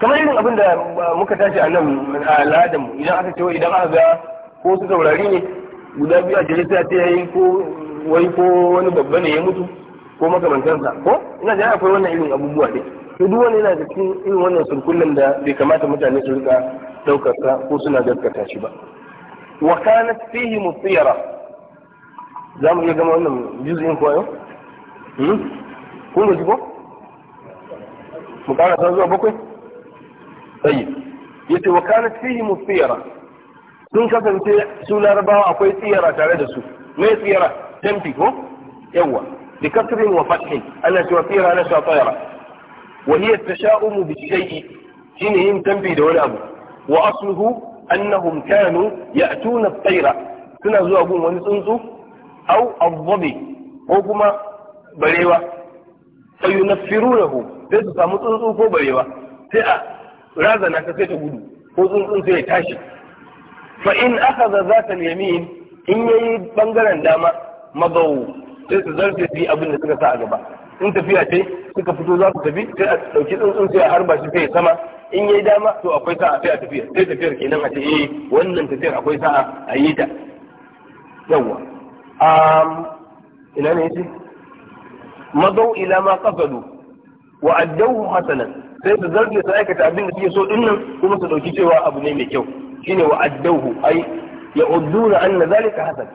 kamar irin abin da muka tashi a nan a al'adar mu idan aka cewa idan aka ga ko su taurari ne guda biyu a jere sai ta yi ko wai ko wani babba ne ya mutu ko makamantansa ko ina da akwai wannan irin abubuwa ne to duk wani yana da cikin irin wannan surkullen da bai kamata mutane su rika daukar sa ko suna gaskata shi ba wa kanat fihi musira za mu iya gama wannan juz'in ko yau hmm? kun gaji ko mu kara san zuwa bakwai tayyib yace wa kanat fihi musira sun kasance su larabawa akwai tsiyara tare da su me tsiyara tamfi ko yawa bi kasrin wa fathin ana cewa tsiyara ana cewa tsayara Wani wa hiya tasha'umu bi shay'i shine yin tamfi da wani abu wa asluhu annahum kanu ya'tuna at-tayra suna zuwa gun wani tsuntsu aw adhabi ko kuma barewa fayunaffirunahu sai su samu tsuntsu ko barewa sai a razana ka sai ta gudu ko tsuntsu sai ya tashi fa in akhadha zata al-yamin in yayi ɓangaren dama magawu sai su zarce su yi abin da suka sa a gaba in tafiya ce suka fito za su tafi sai a ɗauki tsuntsun sai a harba shi sai sama in yi dama to akwai sa'a sai a tafiya sai tafiyar kenan a ce eh wannan tafiyar akwai sa'a a yi ta yawwa um ina ne shi? madau ila ma qasadu wa addahu hasanan sai su zarge su aikata abin da suke so dinnan kuma su dauki cewa abu ne mai kyau shine wa addahu ai ya'udduna anna zalika hasan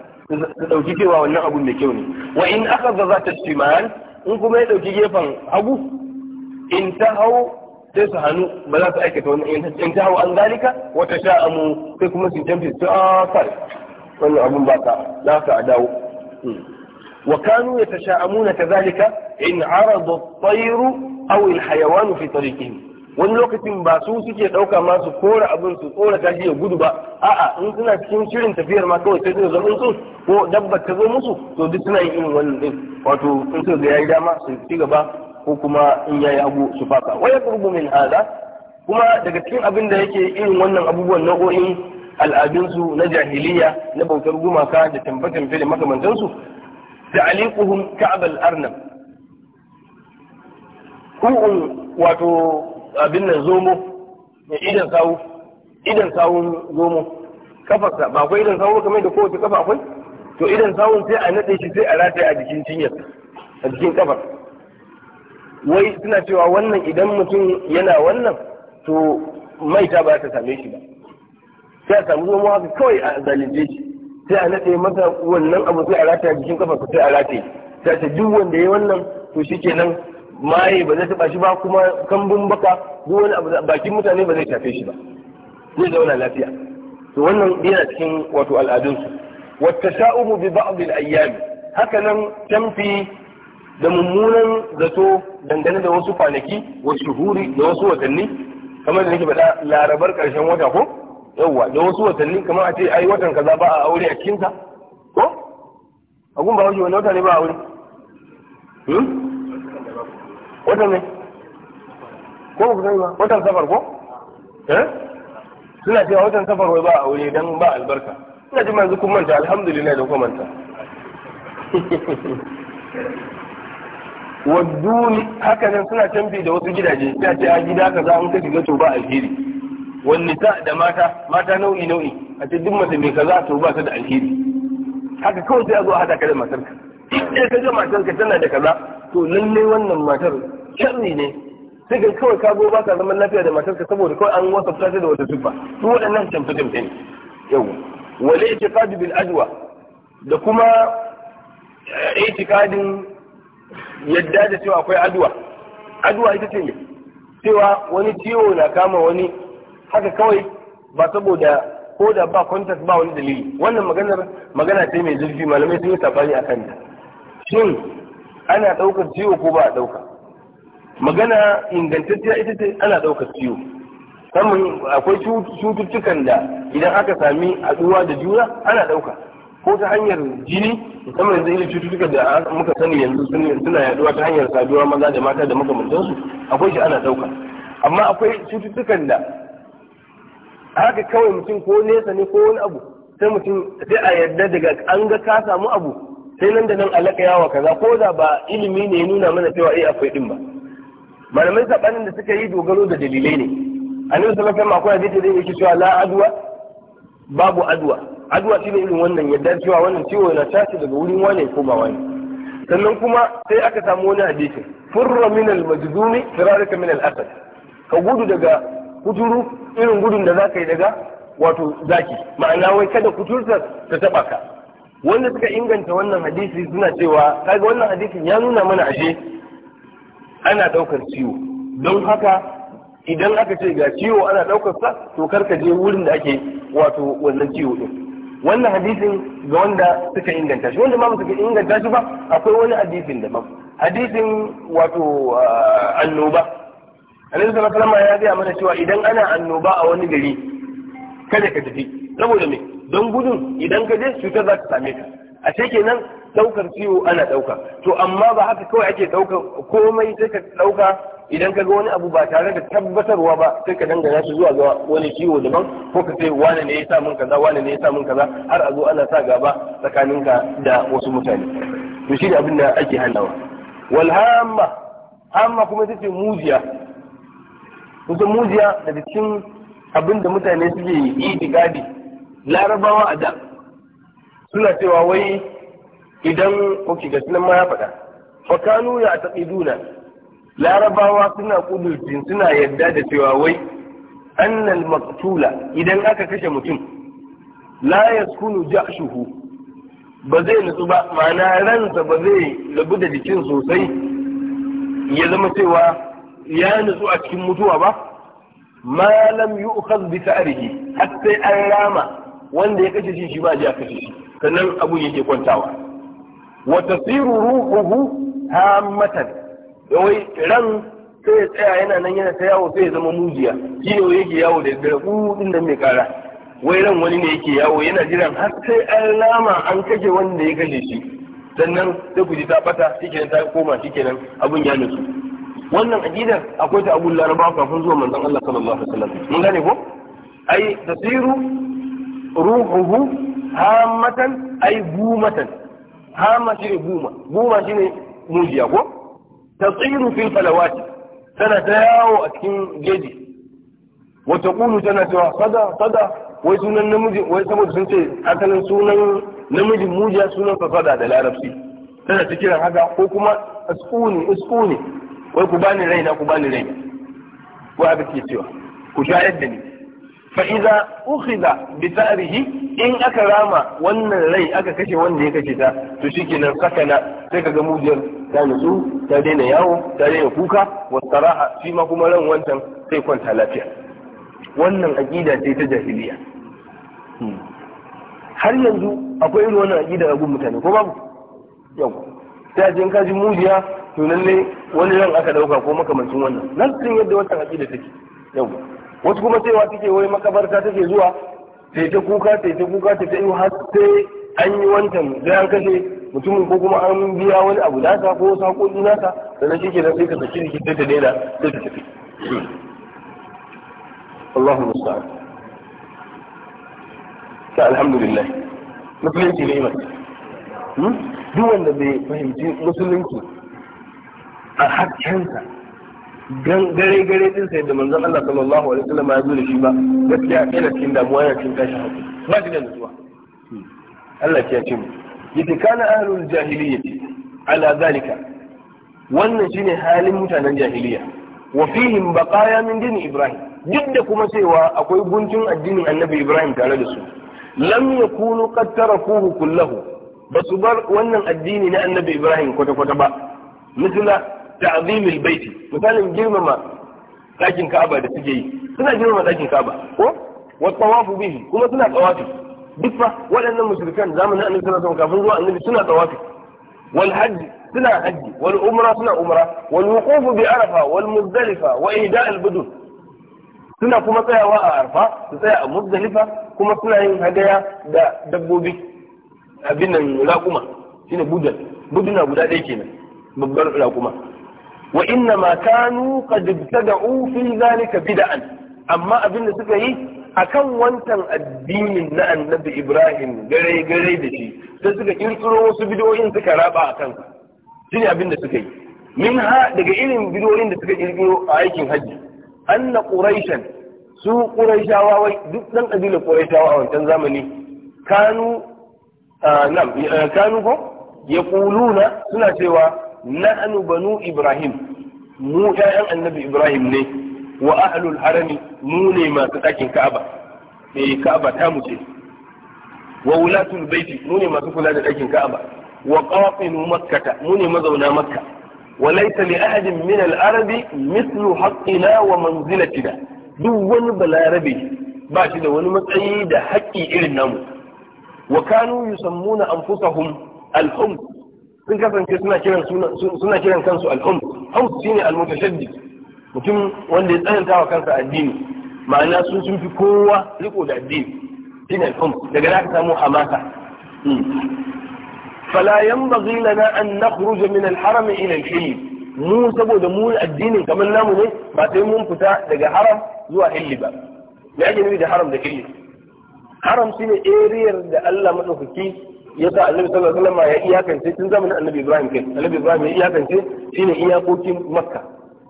su dauki cewa wannan abu mai kyau ne wa in akhadha ta shimal in kuma ya ɗauki gefen hagu in ta hau sai su hannu ba za su aikata wani in ta hau an zalika wata sha amu sai kuma su tafi su a ah, wannan abun ba ka za ka a dawo hmm. wa kanu ya ta kazalika in arada at-tayru aw al-hayawan fi tariqihim wani lokacin ba su suke ɗauka masu kora abin su tsora ta ya gudu ba a'a in suna cikin shirin tafiyar ma kawai sai su zama su ko dabba ta zo musu to duk suna yin irin wannan din wato in suka ya yi dama su ci gaba ko kuma in ya yi hagu su faka wa kurbu min hada kuma daga cikin abin da yake irin wannan abubuwan nau'o'in al'adunsu na jahiliya na bautar gumaka da tambatamfe da makamantansu da aliquhum al arnab ku'un wato abin nan zomo idan sawu idan sawun zomo kafarsa ba kai idan sawu kamar da kowace kafa akwai to idan sawun sai a nade shi sai a rataye a jikin cinyar a jikin kafar wai suna cewa wannan idan mutum yana wannan to ta ba ta same shi ba sai a samu zuwa haka kawai a zalunce shi sai a nade masa wannan abu sai a rataye a jikin kafar sai a rataye sai ta duk wanda ya wannan to shikenan maye ba zai taba shi ba kuma kambun baka duk wani abu bakin mutane ba zai shafe shi ba zai zauna lafiya to wannan yana cikin wato al'adunsu والتشاؤم ببعض الأيام هكذا تنفي da mummunan zato dangane da wasu kwanaki wa shuhuri da wasu watanni kamar da nake faɗa larabar ƙarshen wata ko yawwa da wasu watanni kamar a ce ai watan kaza ba a aure a cikinsa ko a gun ba wani wani wata ba aure watan ne ko ba ku sani watan safar ko cewa watan safar ba a aure dan ba albarka ina ji manzu kun manta alhamdulillah da kuma manta wadduni haka nan suna canfi da wasu gidaje ta ce a gida ka za an ka shiga to ba alheri wani ta da mata mata nau'i nau'i a ce duk mace mai kaza to ba ta da alheri haka kawai sai a zo a haɗa ka da matarka in ka ga matarka tana da kaza to lallai wannan matar sharri ne sai kai kawai ka zo ba ka zaman lafiya da matarka saboda kawai an wasa fita da wata tuffa su waɗannan canfi canfi ne yau Wale i'tiqad bil adwa da kuma eh, itikadin yadda da cewa akwai adwa adwa ita ce ne cewa wani ciwo na kama wani haka kawai ba saboda ko da ba kwantas ba wani dalili wannan maganar magana ce mai zurfi malamai sun yi sabani a kanta shin ana ɗaukar ciwo ko ba a ɗauka magana ingantacciya ita ce ana ɗaukar ciwo samun akwai cututtukan da idan aka sami haɗuwa da juna ana ɗauka ko ta hanyar jini musamman yanzu irin cututtuka da muka sani yanzu suna yaduwa ta hanyar saduwa maza da mata da makamantansu akwai shi ana ɗauka amma akwai cututtukan da haka kawai mutum ko nesa ne ko wani abu sai mutum sai a yarda daga an ga ka samu abu sai nan da nan alaka yawa kaza ko da ba ilimi ne ya nuna mana cewa eh akwai din ba malamai sabanin da suka yi dogaro da dalilai ne annabi sallallahu alaihi wasallam akwai hadisi da yake cewa la adwa babu adwa adwa shine irin wannan yadda cewa wannan ciwo yana tashi daga wurin wani ko ba wani sannan kuma sai aka samu wani hadisi furra min al majzumi firarika min al asad ka gudu daga kuturu irin gudun da zaka yi daga wato zaki ma'ana wai kada kuturta ta taba ka wanda suka inganta wannan hadisi suna cewa kaga wannan hadisin ya nuna mana ashe ana daukar ciwo don haka idan aka ce ga ciwo ana ɗaukar sa to kar ka je wurin da ake wato wannan ciwo din wannan hadisin ga wanda suka inganta shi wanda ma suka inganta shi ba akwai wani hadisin daban hadisin wato ah, annoba annabi sallallahu alaihi ya gaya mana cewa idan ana annoba a wani gari kada ka tafi saboda me don gudun idan ka je cutar za ta same ka a ce kenan daukar ciwo ana dauka to amma ba haka kawai ake dauka komai sai ka dauka idan ka ga wani abu ba tare da tabbatarwa ba sai ka dangana shi zuwa ga wani ciwo daban ko ka ce wane ne ya sa mun kaza wane ne ya sa mun kaza har a zo ana sa gaba tsakaninka da wasu mutane to shi ne abin da ake hannawa wal hamma kuma ita ce mujiya kusa mujiya da cikin abin da mutane suke yi itikadi larabawa a da suna cewa wai idan ko ki ga sunan ma ya faɗa fa kanu ya taqiduna larabawa suna kudurcin suna yadda da cewa wai annal maqtula idan aka kashe mutum la yaskunu ja'shuhu ba zai nutsu ba ma'ana ransa ba zai rabu da jikin sosai ya zama cewa ya nutsu a cikin mutuwa ba ma lam yu'khadh bi ta'rihi sai an rama wanda ya kashe shi ba ya kashe shi sannan abu yake kwantawa wa tasiru ruhuhu hammatan wai ran sai ya tsaya yana nan yana ta yawo sai ya zama mujiya shi ne yake yawo da garbu din da mai kara wai ran wani ne yake yawo yana jiran har sai an lama an kashe wanda ya kashe shi sannan sai ku ji ta bata shikenan ta koma shikenan abun ya nutsu wannan aqidar akwai ta abun laraba kafin zuwa manzon Allah sallallahu alaihi wasallam mun gane ko ai tasiru ruhuhu hamatan ai bumatan hama guma guma shi shine mujiya ko tasiru fil falawati tana ta yawo a cikin geji wa kulu tana cewa sada sada wai sunan namiji wai saboda sun ce asalin sunan namijin mujiya sunan sa sada da larabci tana ta kiran haka ko kuma asquni asquni wai ku bani raina ku bani raina ko haka ke cewa ku shayar da ni fa idza ukhidha bi ta'rihi in aka rama wannan rai aka kashe wanda ya kashe ta to shikenan kakana sai kaga mujiyar ta nutsu ta daina yawo ta daina kuka wa saraha shi ma kuma ran wancan sai kwanta lafiya wannan aqida ce ta jahiliya hmm. har yanzu akwai irin wannan aqida a gun mutane ko babu yau sai a ka ji mujiya to lalle wani ran aka dauka ko makamancin wannan nan sun yadda wannan aqida take yau wasu kuma cewa take wai makabarta take zuwa sai ta kuka sai ta kuka sai ta yi har sai an yi wancan sai an kashe mutumin ko kuma an biya wani abu nasa ko sakoki nasa sannan shi ke sai ta saki jiki sai ta daina sai ta tafi Allahu musta'an ta alhamdulillah musulunci ne mai hmm? duk wanda bai fahimci musulunci a hakkansa gare gare din sai da manzon Allah sallallahu alaihi wasallam ya zo da shi ba gaskiya yana cikin damuwa yana cikin tashi hankali ba shi da nutsuwa Allah ya ce mu yace kana ahlul jahiliyyati ala zalika wannan shine halin mutanen jahiliya wa fihim baqaya min dini ibrahim duk da kuma cewa akwai guntun addinin annabi ibrahim tare da su lam yakunu qad tarakuhu kullahu basu bar wannan addini na annabi ibrahim kwata kwata ba misala ta'zimil baiti misalin girmama dakin Ka'aba da suke yi suna girmama dakin Ka'aba ko wa tawafu bihi kuma suna tawafi duk fa waɗannan mushrikan zamanin annabi sallallahu alaihi kafin zuwa annabi suna tawafi wal hajj suna hajji wal umra suna umra wal wuquf bi arafa suna kuma tsayawa a arfa su tsaya a muzdalifa kuma suna yin hadaya da dabbobi abin nan raƙuma shine budal buduna guda ɗaya kenan babbar raƙuma wa inna ma kanu qad ibtada'u fi zalika bid'an amma abin da suka yi akan wancan addinin na annabi Ibrahim gare gare da shi sai suka kirkiro wasu bidiyoyin suka raba a kansa shine abin da suka yi min ha daga irin bidoin da suka kirkiro a aikin haji anna quraishan su quraishawa wai duk dan kabilar quraishawa a wancan zamani kanu ah, nam eh, kanu ko yaquluna suna cewa nahnu banu ibrahim mu ƴaƴan annabi ibrahim ne wa ahlul harami mu ne masu ɗakin ka'aba eh ka'aba ta mu ce wa wulatul baiti mu ne masu kula da ɗakin ka'aba wa qafinu makkata mu ne mazauna makka wa laysa li ahadin min al arabi mithlu haqqina wa manzilatina duk wani balarabe ba shi da wani matsayi da haƙƙi irin namu wa kanu yusammuna anfusahum al-hum sun kasance suna kiran suna kiran kansu al'um haus shine al-mutashaddid mutum wanda ya tsananta wa kansa addini ma'ana su sun fi kowa riko da addini shine al'um daga da ka samu hamasa hmm. fala yanbaghi lana an nakhruja min al-haram ila al-hilm mu saboda mu addinin kamar namu ne ba sai mun fita daga haram zuwa hilli ba me ake nufi da haram da hilli haram shine eriyar da Allah madaukaki yasa annabi sallallahu alaihi wasallam ya iyakance tun zamanin annabi Ibrahim kai annabi Ibrahim ya iyakance shine iyakokin Makka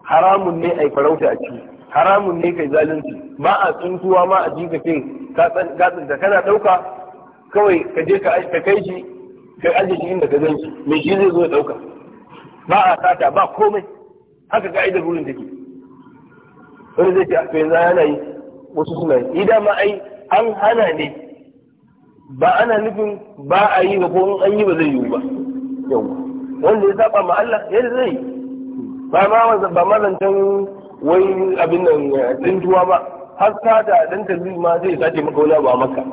haramun ne ai farauta a ciki haramun ne kai zalunci ba a tsuntuwa ma a jinka ce ka tsinta kana dauka kawai ka je ka kai shi kai aje shi inda ka gan shi me shi zai zo ya dauka ba a sata ba komai haka aidar gurin take wani zai ce a yanzu yana yi wasu suna yi idan ma ai an hana ne ba ana nufin ba a yi ba ko in an yi ba zai yiwu ba yawa wanda ya saba ma Allah ya zai ba ma ba ma can wai abin nan eh, tsintuwa ba har sata dan talbi ma zai sace maka wani abu a maka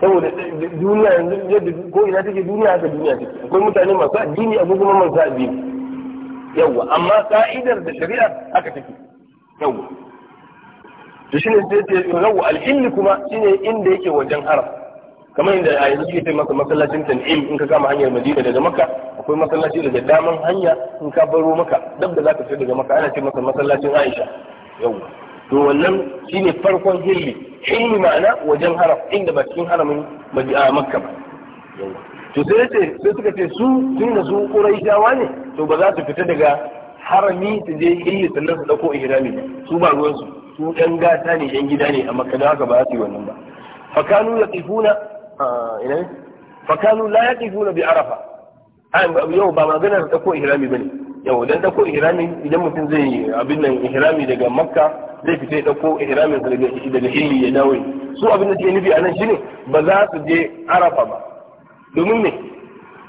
saboda eh, duniya yanzu yadda ko ina take duniya haka duniya take akwai mutane masu addini akwai kuma masu addini yawa amma ka'idar da shari'a haka take yawa to shine sai ce yawa al ilm kuma shine inda yake wajen haram kamar inda a yanzu ke maka masallacin tan'im in ka kama hanyar madina daga makka akwai masallaci daga daman hanya in ka baro maka dab da zaka fita daga makka ana ce masa masallacin aisha yau to wannan shine farkon hilli hilli ma'ana wajen haram inda ba cikin haramin makka ba to sai ce sai suka ce su tun da su quraishawa ne to ba za su fita daga harami su je hilli sannan su dauko ihrami su ba ruwan su su dan gata ne yan gida ne a makka da haka ba za su yi wannan ba fakanu yaqifuna ina fakanu la na bi arafa yau ba maganar dako ihrami ne. yau dan dako ihrami idan mutum zai abin nan ihrami daga makka zai fita ya dako ihramin daga daga hilli ya dawo su abin da ke nufi anan shine ba za su je arafa ba domin me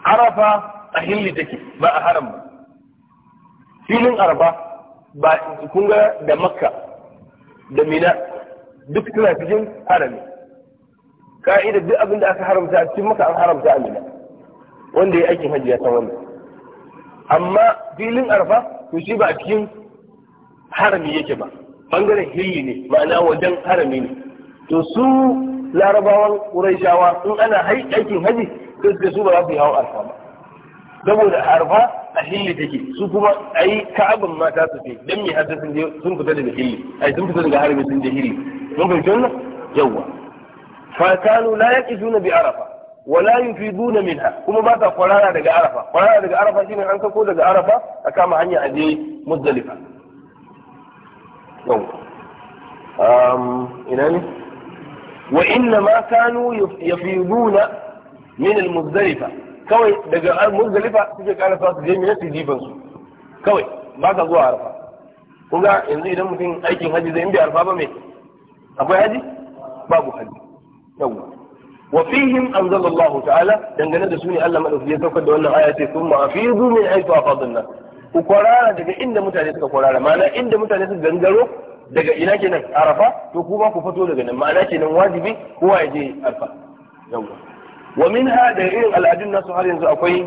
arafa a hilli take ba a haram ba filin arafa ba kun ga da makka da mina duk suna cikin harami ka'ida duk abin da aka haramta a cikin maka an haramta amina wanda ya aikin hajji ya san wannan amma filin arfa to shi ba a cikin harami yake ba bangaren hilli ne ma'ana wajen harami ne to su larabawan ƙuraishawa in ana aikin hajji sai suka su ba za su yi hawan arfa ba saboda arfa a hilli take su kuma a yi ka'abin mata su ce dan me hadda sun fita daga hilli ai sun fita daga harami sun je hilli mun fahimci wannan yawwa فكانوا لا يقفون بعرفة ولا يفيدون منها كما بات قرانا دقى عرفة قرانا دقى عرفة شين أنك كو دقى عرفة أكام عني أجي مزدلفة أم إناني وإنما كانوا يفيدون من المزدلفة كوي daga muzdalifa تجي kara sa su je mina su كوي su kawai عرفه ka zuwa arfa kun ga yanzu idan mutum aikin haji zai in bai yawa wa fihim anzalallahu ta'ala dangane da su ne Allah madauki ya saukar da wannan aya ce sun ma'afizu min aitu afadun nas ku kwarara daga inda mutane suka kwarara ma'ana inda mutane suka gangaro daga ina kenan arafa to ku ba ku fito daga nan ma'ana kenan wajibi kowa ya je arafa Yau, wa minha da irin al'adun nasu har yanzu akwai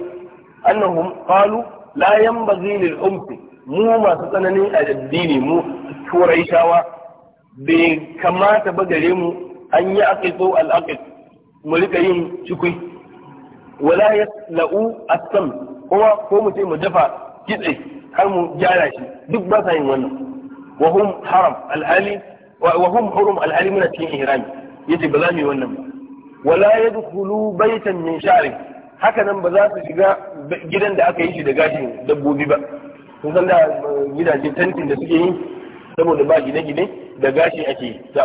annahum qalu la yanbaghi lil ummi mu masu tsananin addini mu turai shawa bai kamata ba gare mu an yi aqidu al aqid mu rika yin cikwai. wala ya a asam kuma ko mu ce mu dafa kitse har mu gyara shi duk ba sa yin wannan wa hum haram alhali wa hum hurum alhali muna cikin ihrami yace ba za mu yi wannan ba wala yadkhulu baytan min sha'ri haka nan ba za su shiga gidan da aka yi shi da gashin dabbobi ba sun san da eh, gidajen tantin da suke yi saboda ba gine-gine da gashi ake da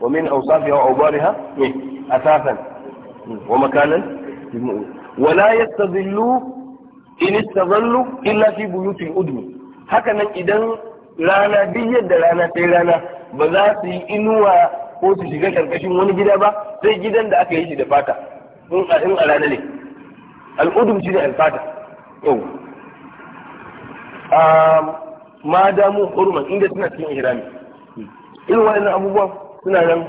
ومن أوصافها وأوبارها أثاثا ومكانا ولا يستظلوا إن استظلوا إلا في بيوت الأدم هكذا إذا rana duk yadda rana sai rana ba za su yi inuwa ko su shiga karkashin wani gida ba sai gidan da aka yi shi da fata in a ne al'udum shi alfata yau ma damu inda suna cikin ihrami irin waɗannan abubuwan suna nan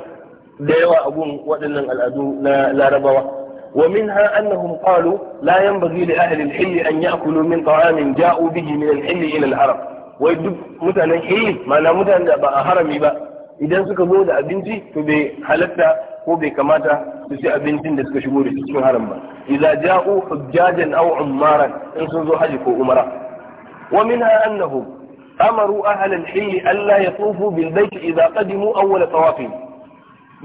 da yawa a gun waɗannan al'adu na larabawa ومنها أنهم قالوا لا ينبغي لأهل الحل أن يأكلوا من طعام جاءوا به من الحل إلى العرب ويدب متانا حل ما لا متانا بقى هرمي بقى idan suka zo abinci to bai halatta ko bai kamata su ci abincin da suka shigo da su cikin haram ba idza ja'u hujjajan aw umaran in sun zo ko umara wa minha annahum amaru ahlal hilli Allah ya tsufu bil bait idza qadimu awwal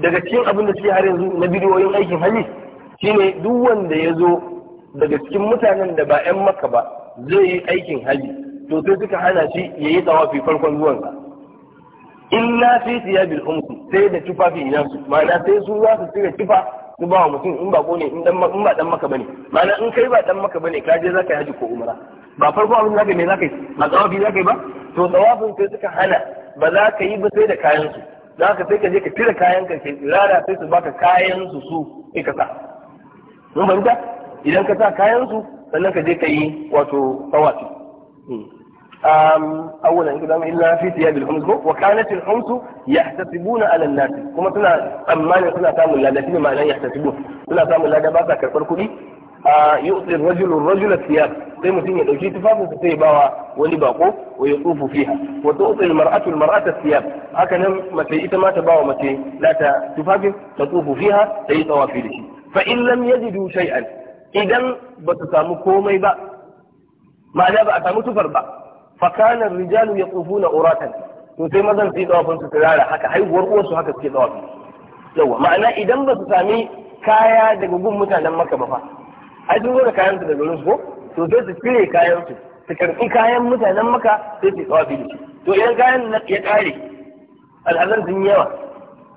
daga cikin abin da suke har yanzu na bidiyoyin aikin hali shine duk wanda ya zo daga cikin mutanen da ba 'yan maka ba zai yi aikin hali to sai suka hana shi ya yi tsawafi farkon in na fi siyabil umsu sai da tufafi ina su ma'ana sai su za su cire tufa ku ba wa mutum in ba ne in dan in ba dan maka bane ma'ana in kai ba dan maka bane ka je zaka yi haji ko umra ba farko abin zaka me zaka yi ba tsawafi zaka yi ba to tsawafin sai suka hana ba za ka yi ba sai da kayan su za ka sai ka je ka tira kayan ka sai tsirara sai su baka kayan su su sai ka sa mun fahimta idan ka sa kayan su sannan ka je ka yi wato tsawafi hmm. أولا كده إلا في ثياب الحمص وكانت الحمص يحتسبون على الناس كما تنا أمان تنا تام الله لكن ما لا يحتسبون تنا تام الله دابا بعد كفر كلي يؤتي الرجل الرجل الثياب في مسنة لو جيت في باوا ولباقو ويطوف فيها وتؤطي المرأة المرأة الثياب هكذا ما في إتما تباوا ما في لا تفاف تطوف فيها أي طوافيلك فإن لم يجدوا شيئا إذا بتسامكوا ما يبقى ما جاب أتامو تفر fakanar rijalu ya tsufu na uratan to sai mazan su yi tsawafin su turara haka haihuwar uwarsu haka suke tsawafi yawa ma'ana idan ba su sami kaya daga gun mutanen maka ba fa ai sun zo da kayan su daga garin su to sai su cire kayan su su karɓi kayan mutanen maka sai su tsawafi da shi to idan kayan ya ƙare al'adar sun yawa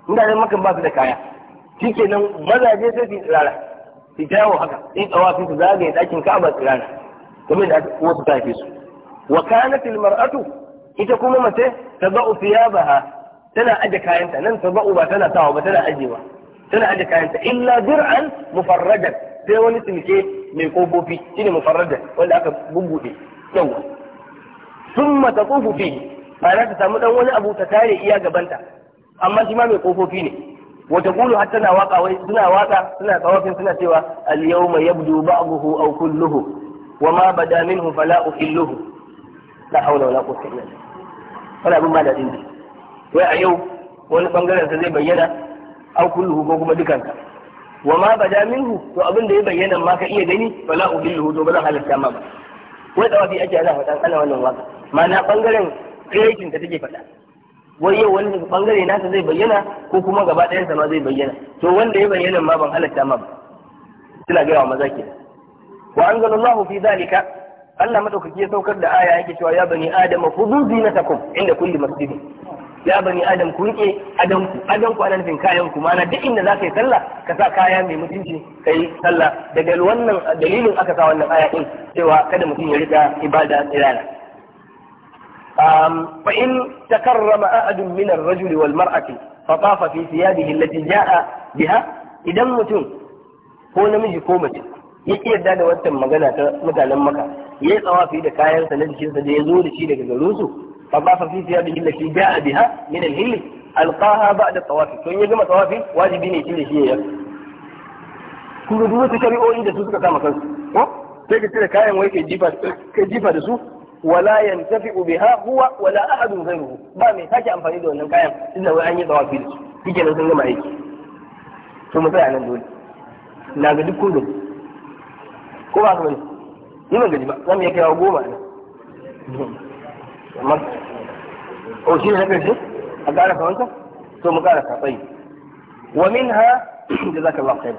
mutanen maka ba su da kaya shikenan mazaje sai su yi tsirara su jawo haka in tsawafi su zagaye ɗakin ka'aba tsirara kamar da wasu ta su wa kanat almar'atu ita kuma mace tadau thiyabaha tana aje kayanta nan tadau ba tana sawa ba tana ajewa tana aje kayanta illa dir'an mufarradat sai wani silke mai kofofi shine mufarradat wanda aka bubbude yawa summa taqufu fihi ba za ta samu dan wani abu ta tare iya gabanta amma shi ma mai kofofi ne wata kulu har tana waka wai suna waka suna tsawafin suna cewa al yawma yabdu ba'dahu aw kulluhu wa ma bada minhu fala uhilluhu la haula wala quwwata illa billah wala abin ba da dinki wai a yau wani bangaren sa zai bayyana au kulluhu ko kuma dukanka wa ma bada minhu to abin da ya bayyana ma ka iya gani wala ubilluhu to ba zan halatta ma ba wai tsawafi ake ana faɗa ana wannan waka ma'ana bangaren creation ta take faɗa wai yau wani bangare nasa zai bayyana ko kuma gaba ɗayan sa ma zai bayyana to wanda ya bayyana ma ban halatta ma ba suna gaya wa maza ke wa anzalallahu fi zalika Allah madaukaki ya saukar da aya yake cewa ya bani adam khudhu zinatakum inda kulli masjid ya bani adam ku rike adam ku adam ku anan kayan ku mana duk inda zaka yi sallah ka sa kaya mai mutunci kai sallah daga wannan dalilin aka sa wannan aya din cewa kada mutum ya rika ibada tsirara fa in takarrama ahadun min ar-rajuli wal mar'ati fa tafa fi thiyabihi allati jaa biha idan mutum ko namiji ko mace ya yarda da wannan magana ta mutanen maka ya yi tsawafi da kayansa na jikinsa da ya zo da shi daga su. amma fa fi siya bihin da shi ja'a biha min al-hilli alqaha ba'da tawafi to ya gama tawafi wajibi ne shi shi ya kun ga duk wasu shari'o'i da su suka kama kansu ko sai ka cire kayan wai ke jifa da su wala yantafi'u biha huwa wala zai ghayruhu ba mai sake amfani da wannan kayan inda wai an yi tawafi da su kike nan sun gama aiki to mu tsaya nan dole na ga duk kullum ko ba ka bane ni ban gaji ba za mu iya kaiwa goma ne o oh, shi ne na karshe a ƙarasa wancan to mu ƙarasa tsayi wa min ha da za ka ba kai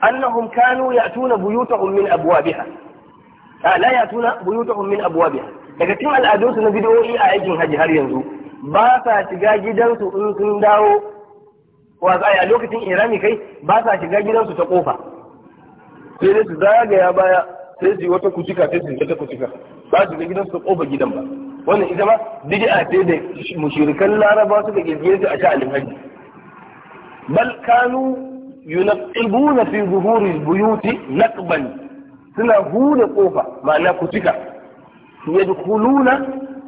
annahum kanu ya'tuna buyutahum min abwabiha ah, la ya'tuna buyutahum min abwabiha daga cikin al'adunsu na bidiyoyi a aikin haji har yanzu ba sa shiga gidansu in sun dawo wa a lokacin irami kai ba sa shiga gidansu ta kofa sai dai su zagaya baya sai su yi wata kucika sai su yi wata kucika ba su ga gidan su kofa gidan ba wannan ita ma bid'a ce da mushrikan laraba suka girgiye su a sha'anin hajji bal kanu yunaqibuna fi zuhuri buyuti naqban suna hura kofa ma'ana kucika yadkhuluna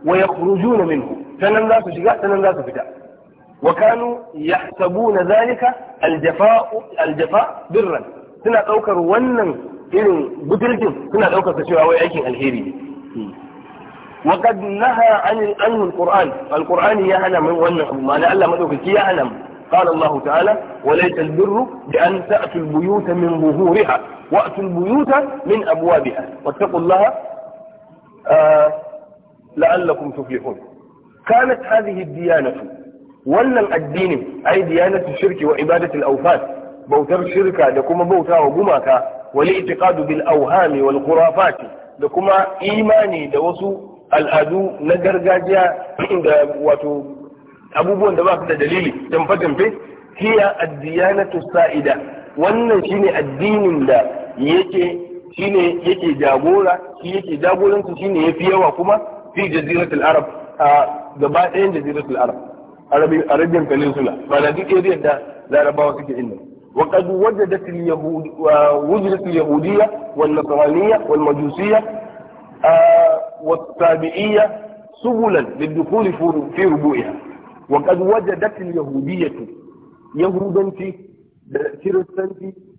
wa yakhrujuna minhu sanan za su shiga sanan za su fita وكانوا يحسبون ذلك الجفاء الجفاء برا suna ɗaukar wannan irin budurgin suna ɗaukar sa cewa wai aikin alheri ne wa qad naha anil anhu alquran alquran ya hana mai wannan abu ma'ana Allah madaukaki ya hana قال الله تعالى وليس البر بأن تأتوا البيوت من ظهورها وأتوا البيوت من أبوابها واتقوا الله لعلكم تفلحون كانت هذه الديانة ولا الدين أي ديانة الشرك وعبادة الأوثان bautar shirka da kuma bautawa gumaka wal i'tiqadu bil awhami wal khurafati da kuma imani da wasu al'adu na gargajiya da wato abubuwan da ba su da dalili tamfe-tamfe hiya addiyanatu sa'ida wannan shine addinin da yake shine yake jagora shi yake shine yafi yawa kuma fi jaziratul arab a gaba ɗayan jaziratul arab arabian peninsula ma'ana duk area da larabawa suke inda وقد وجدت اليهود وجدت اليهودية والنصرانية والمجوسية والتابعية سبلا للدخول في ربوعها وقد وجدت اليهودية يهودا في kiristanci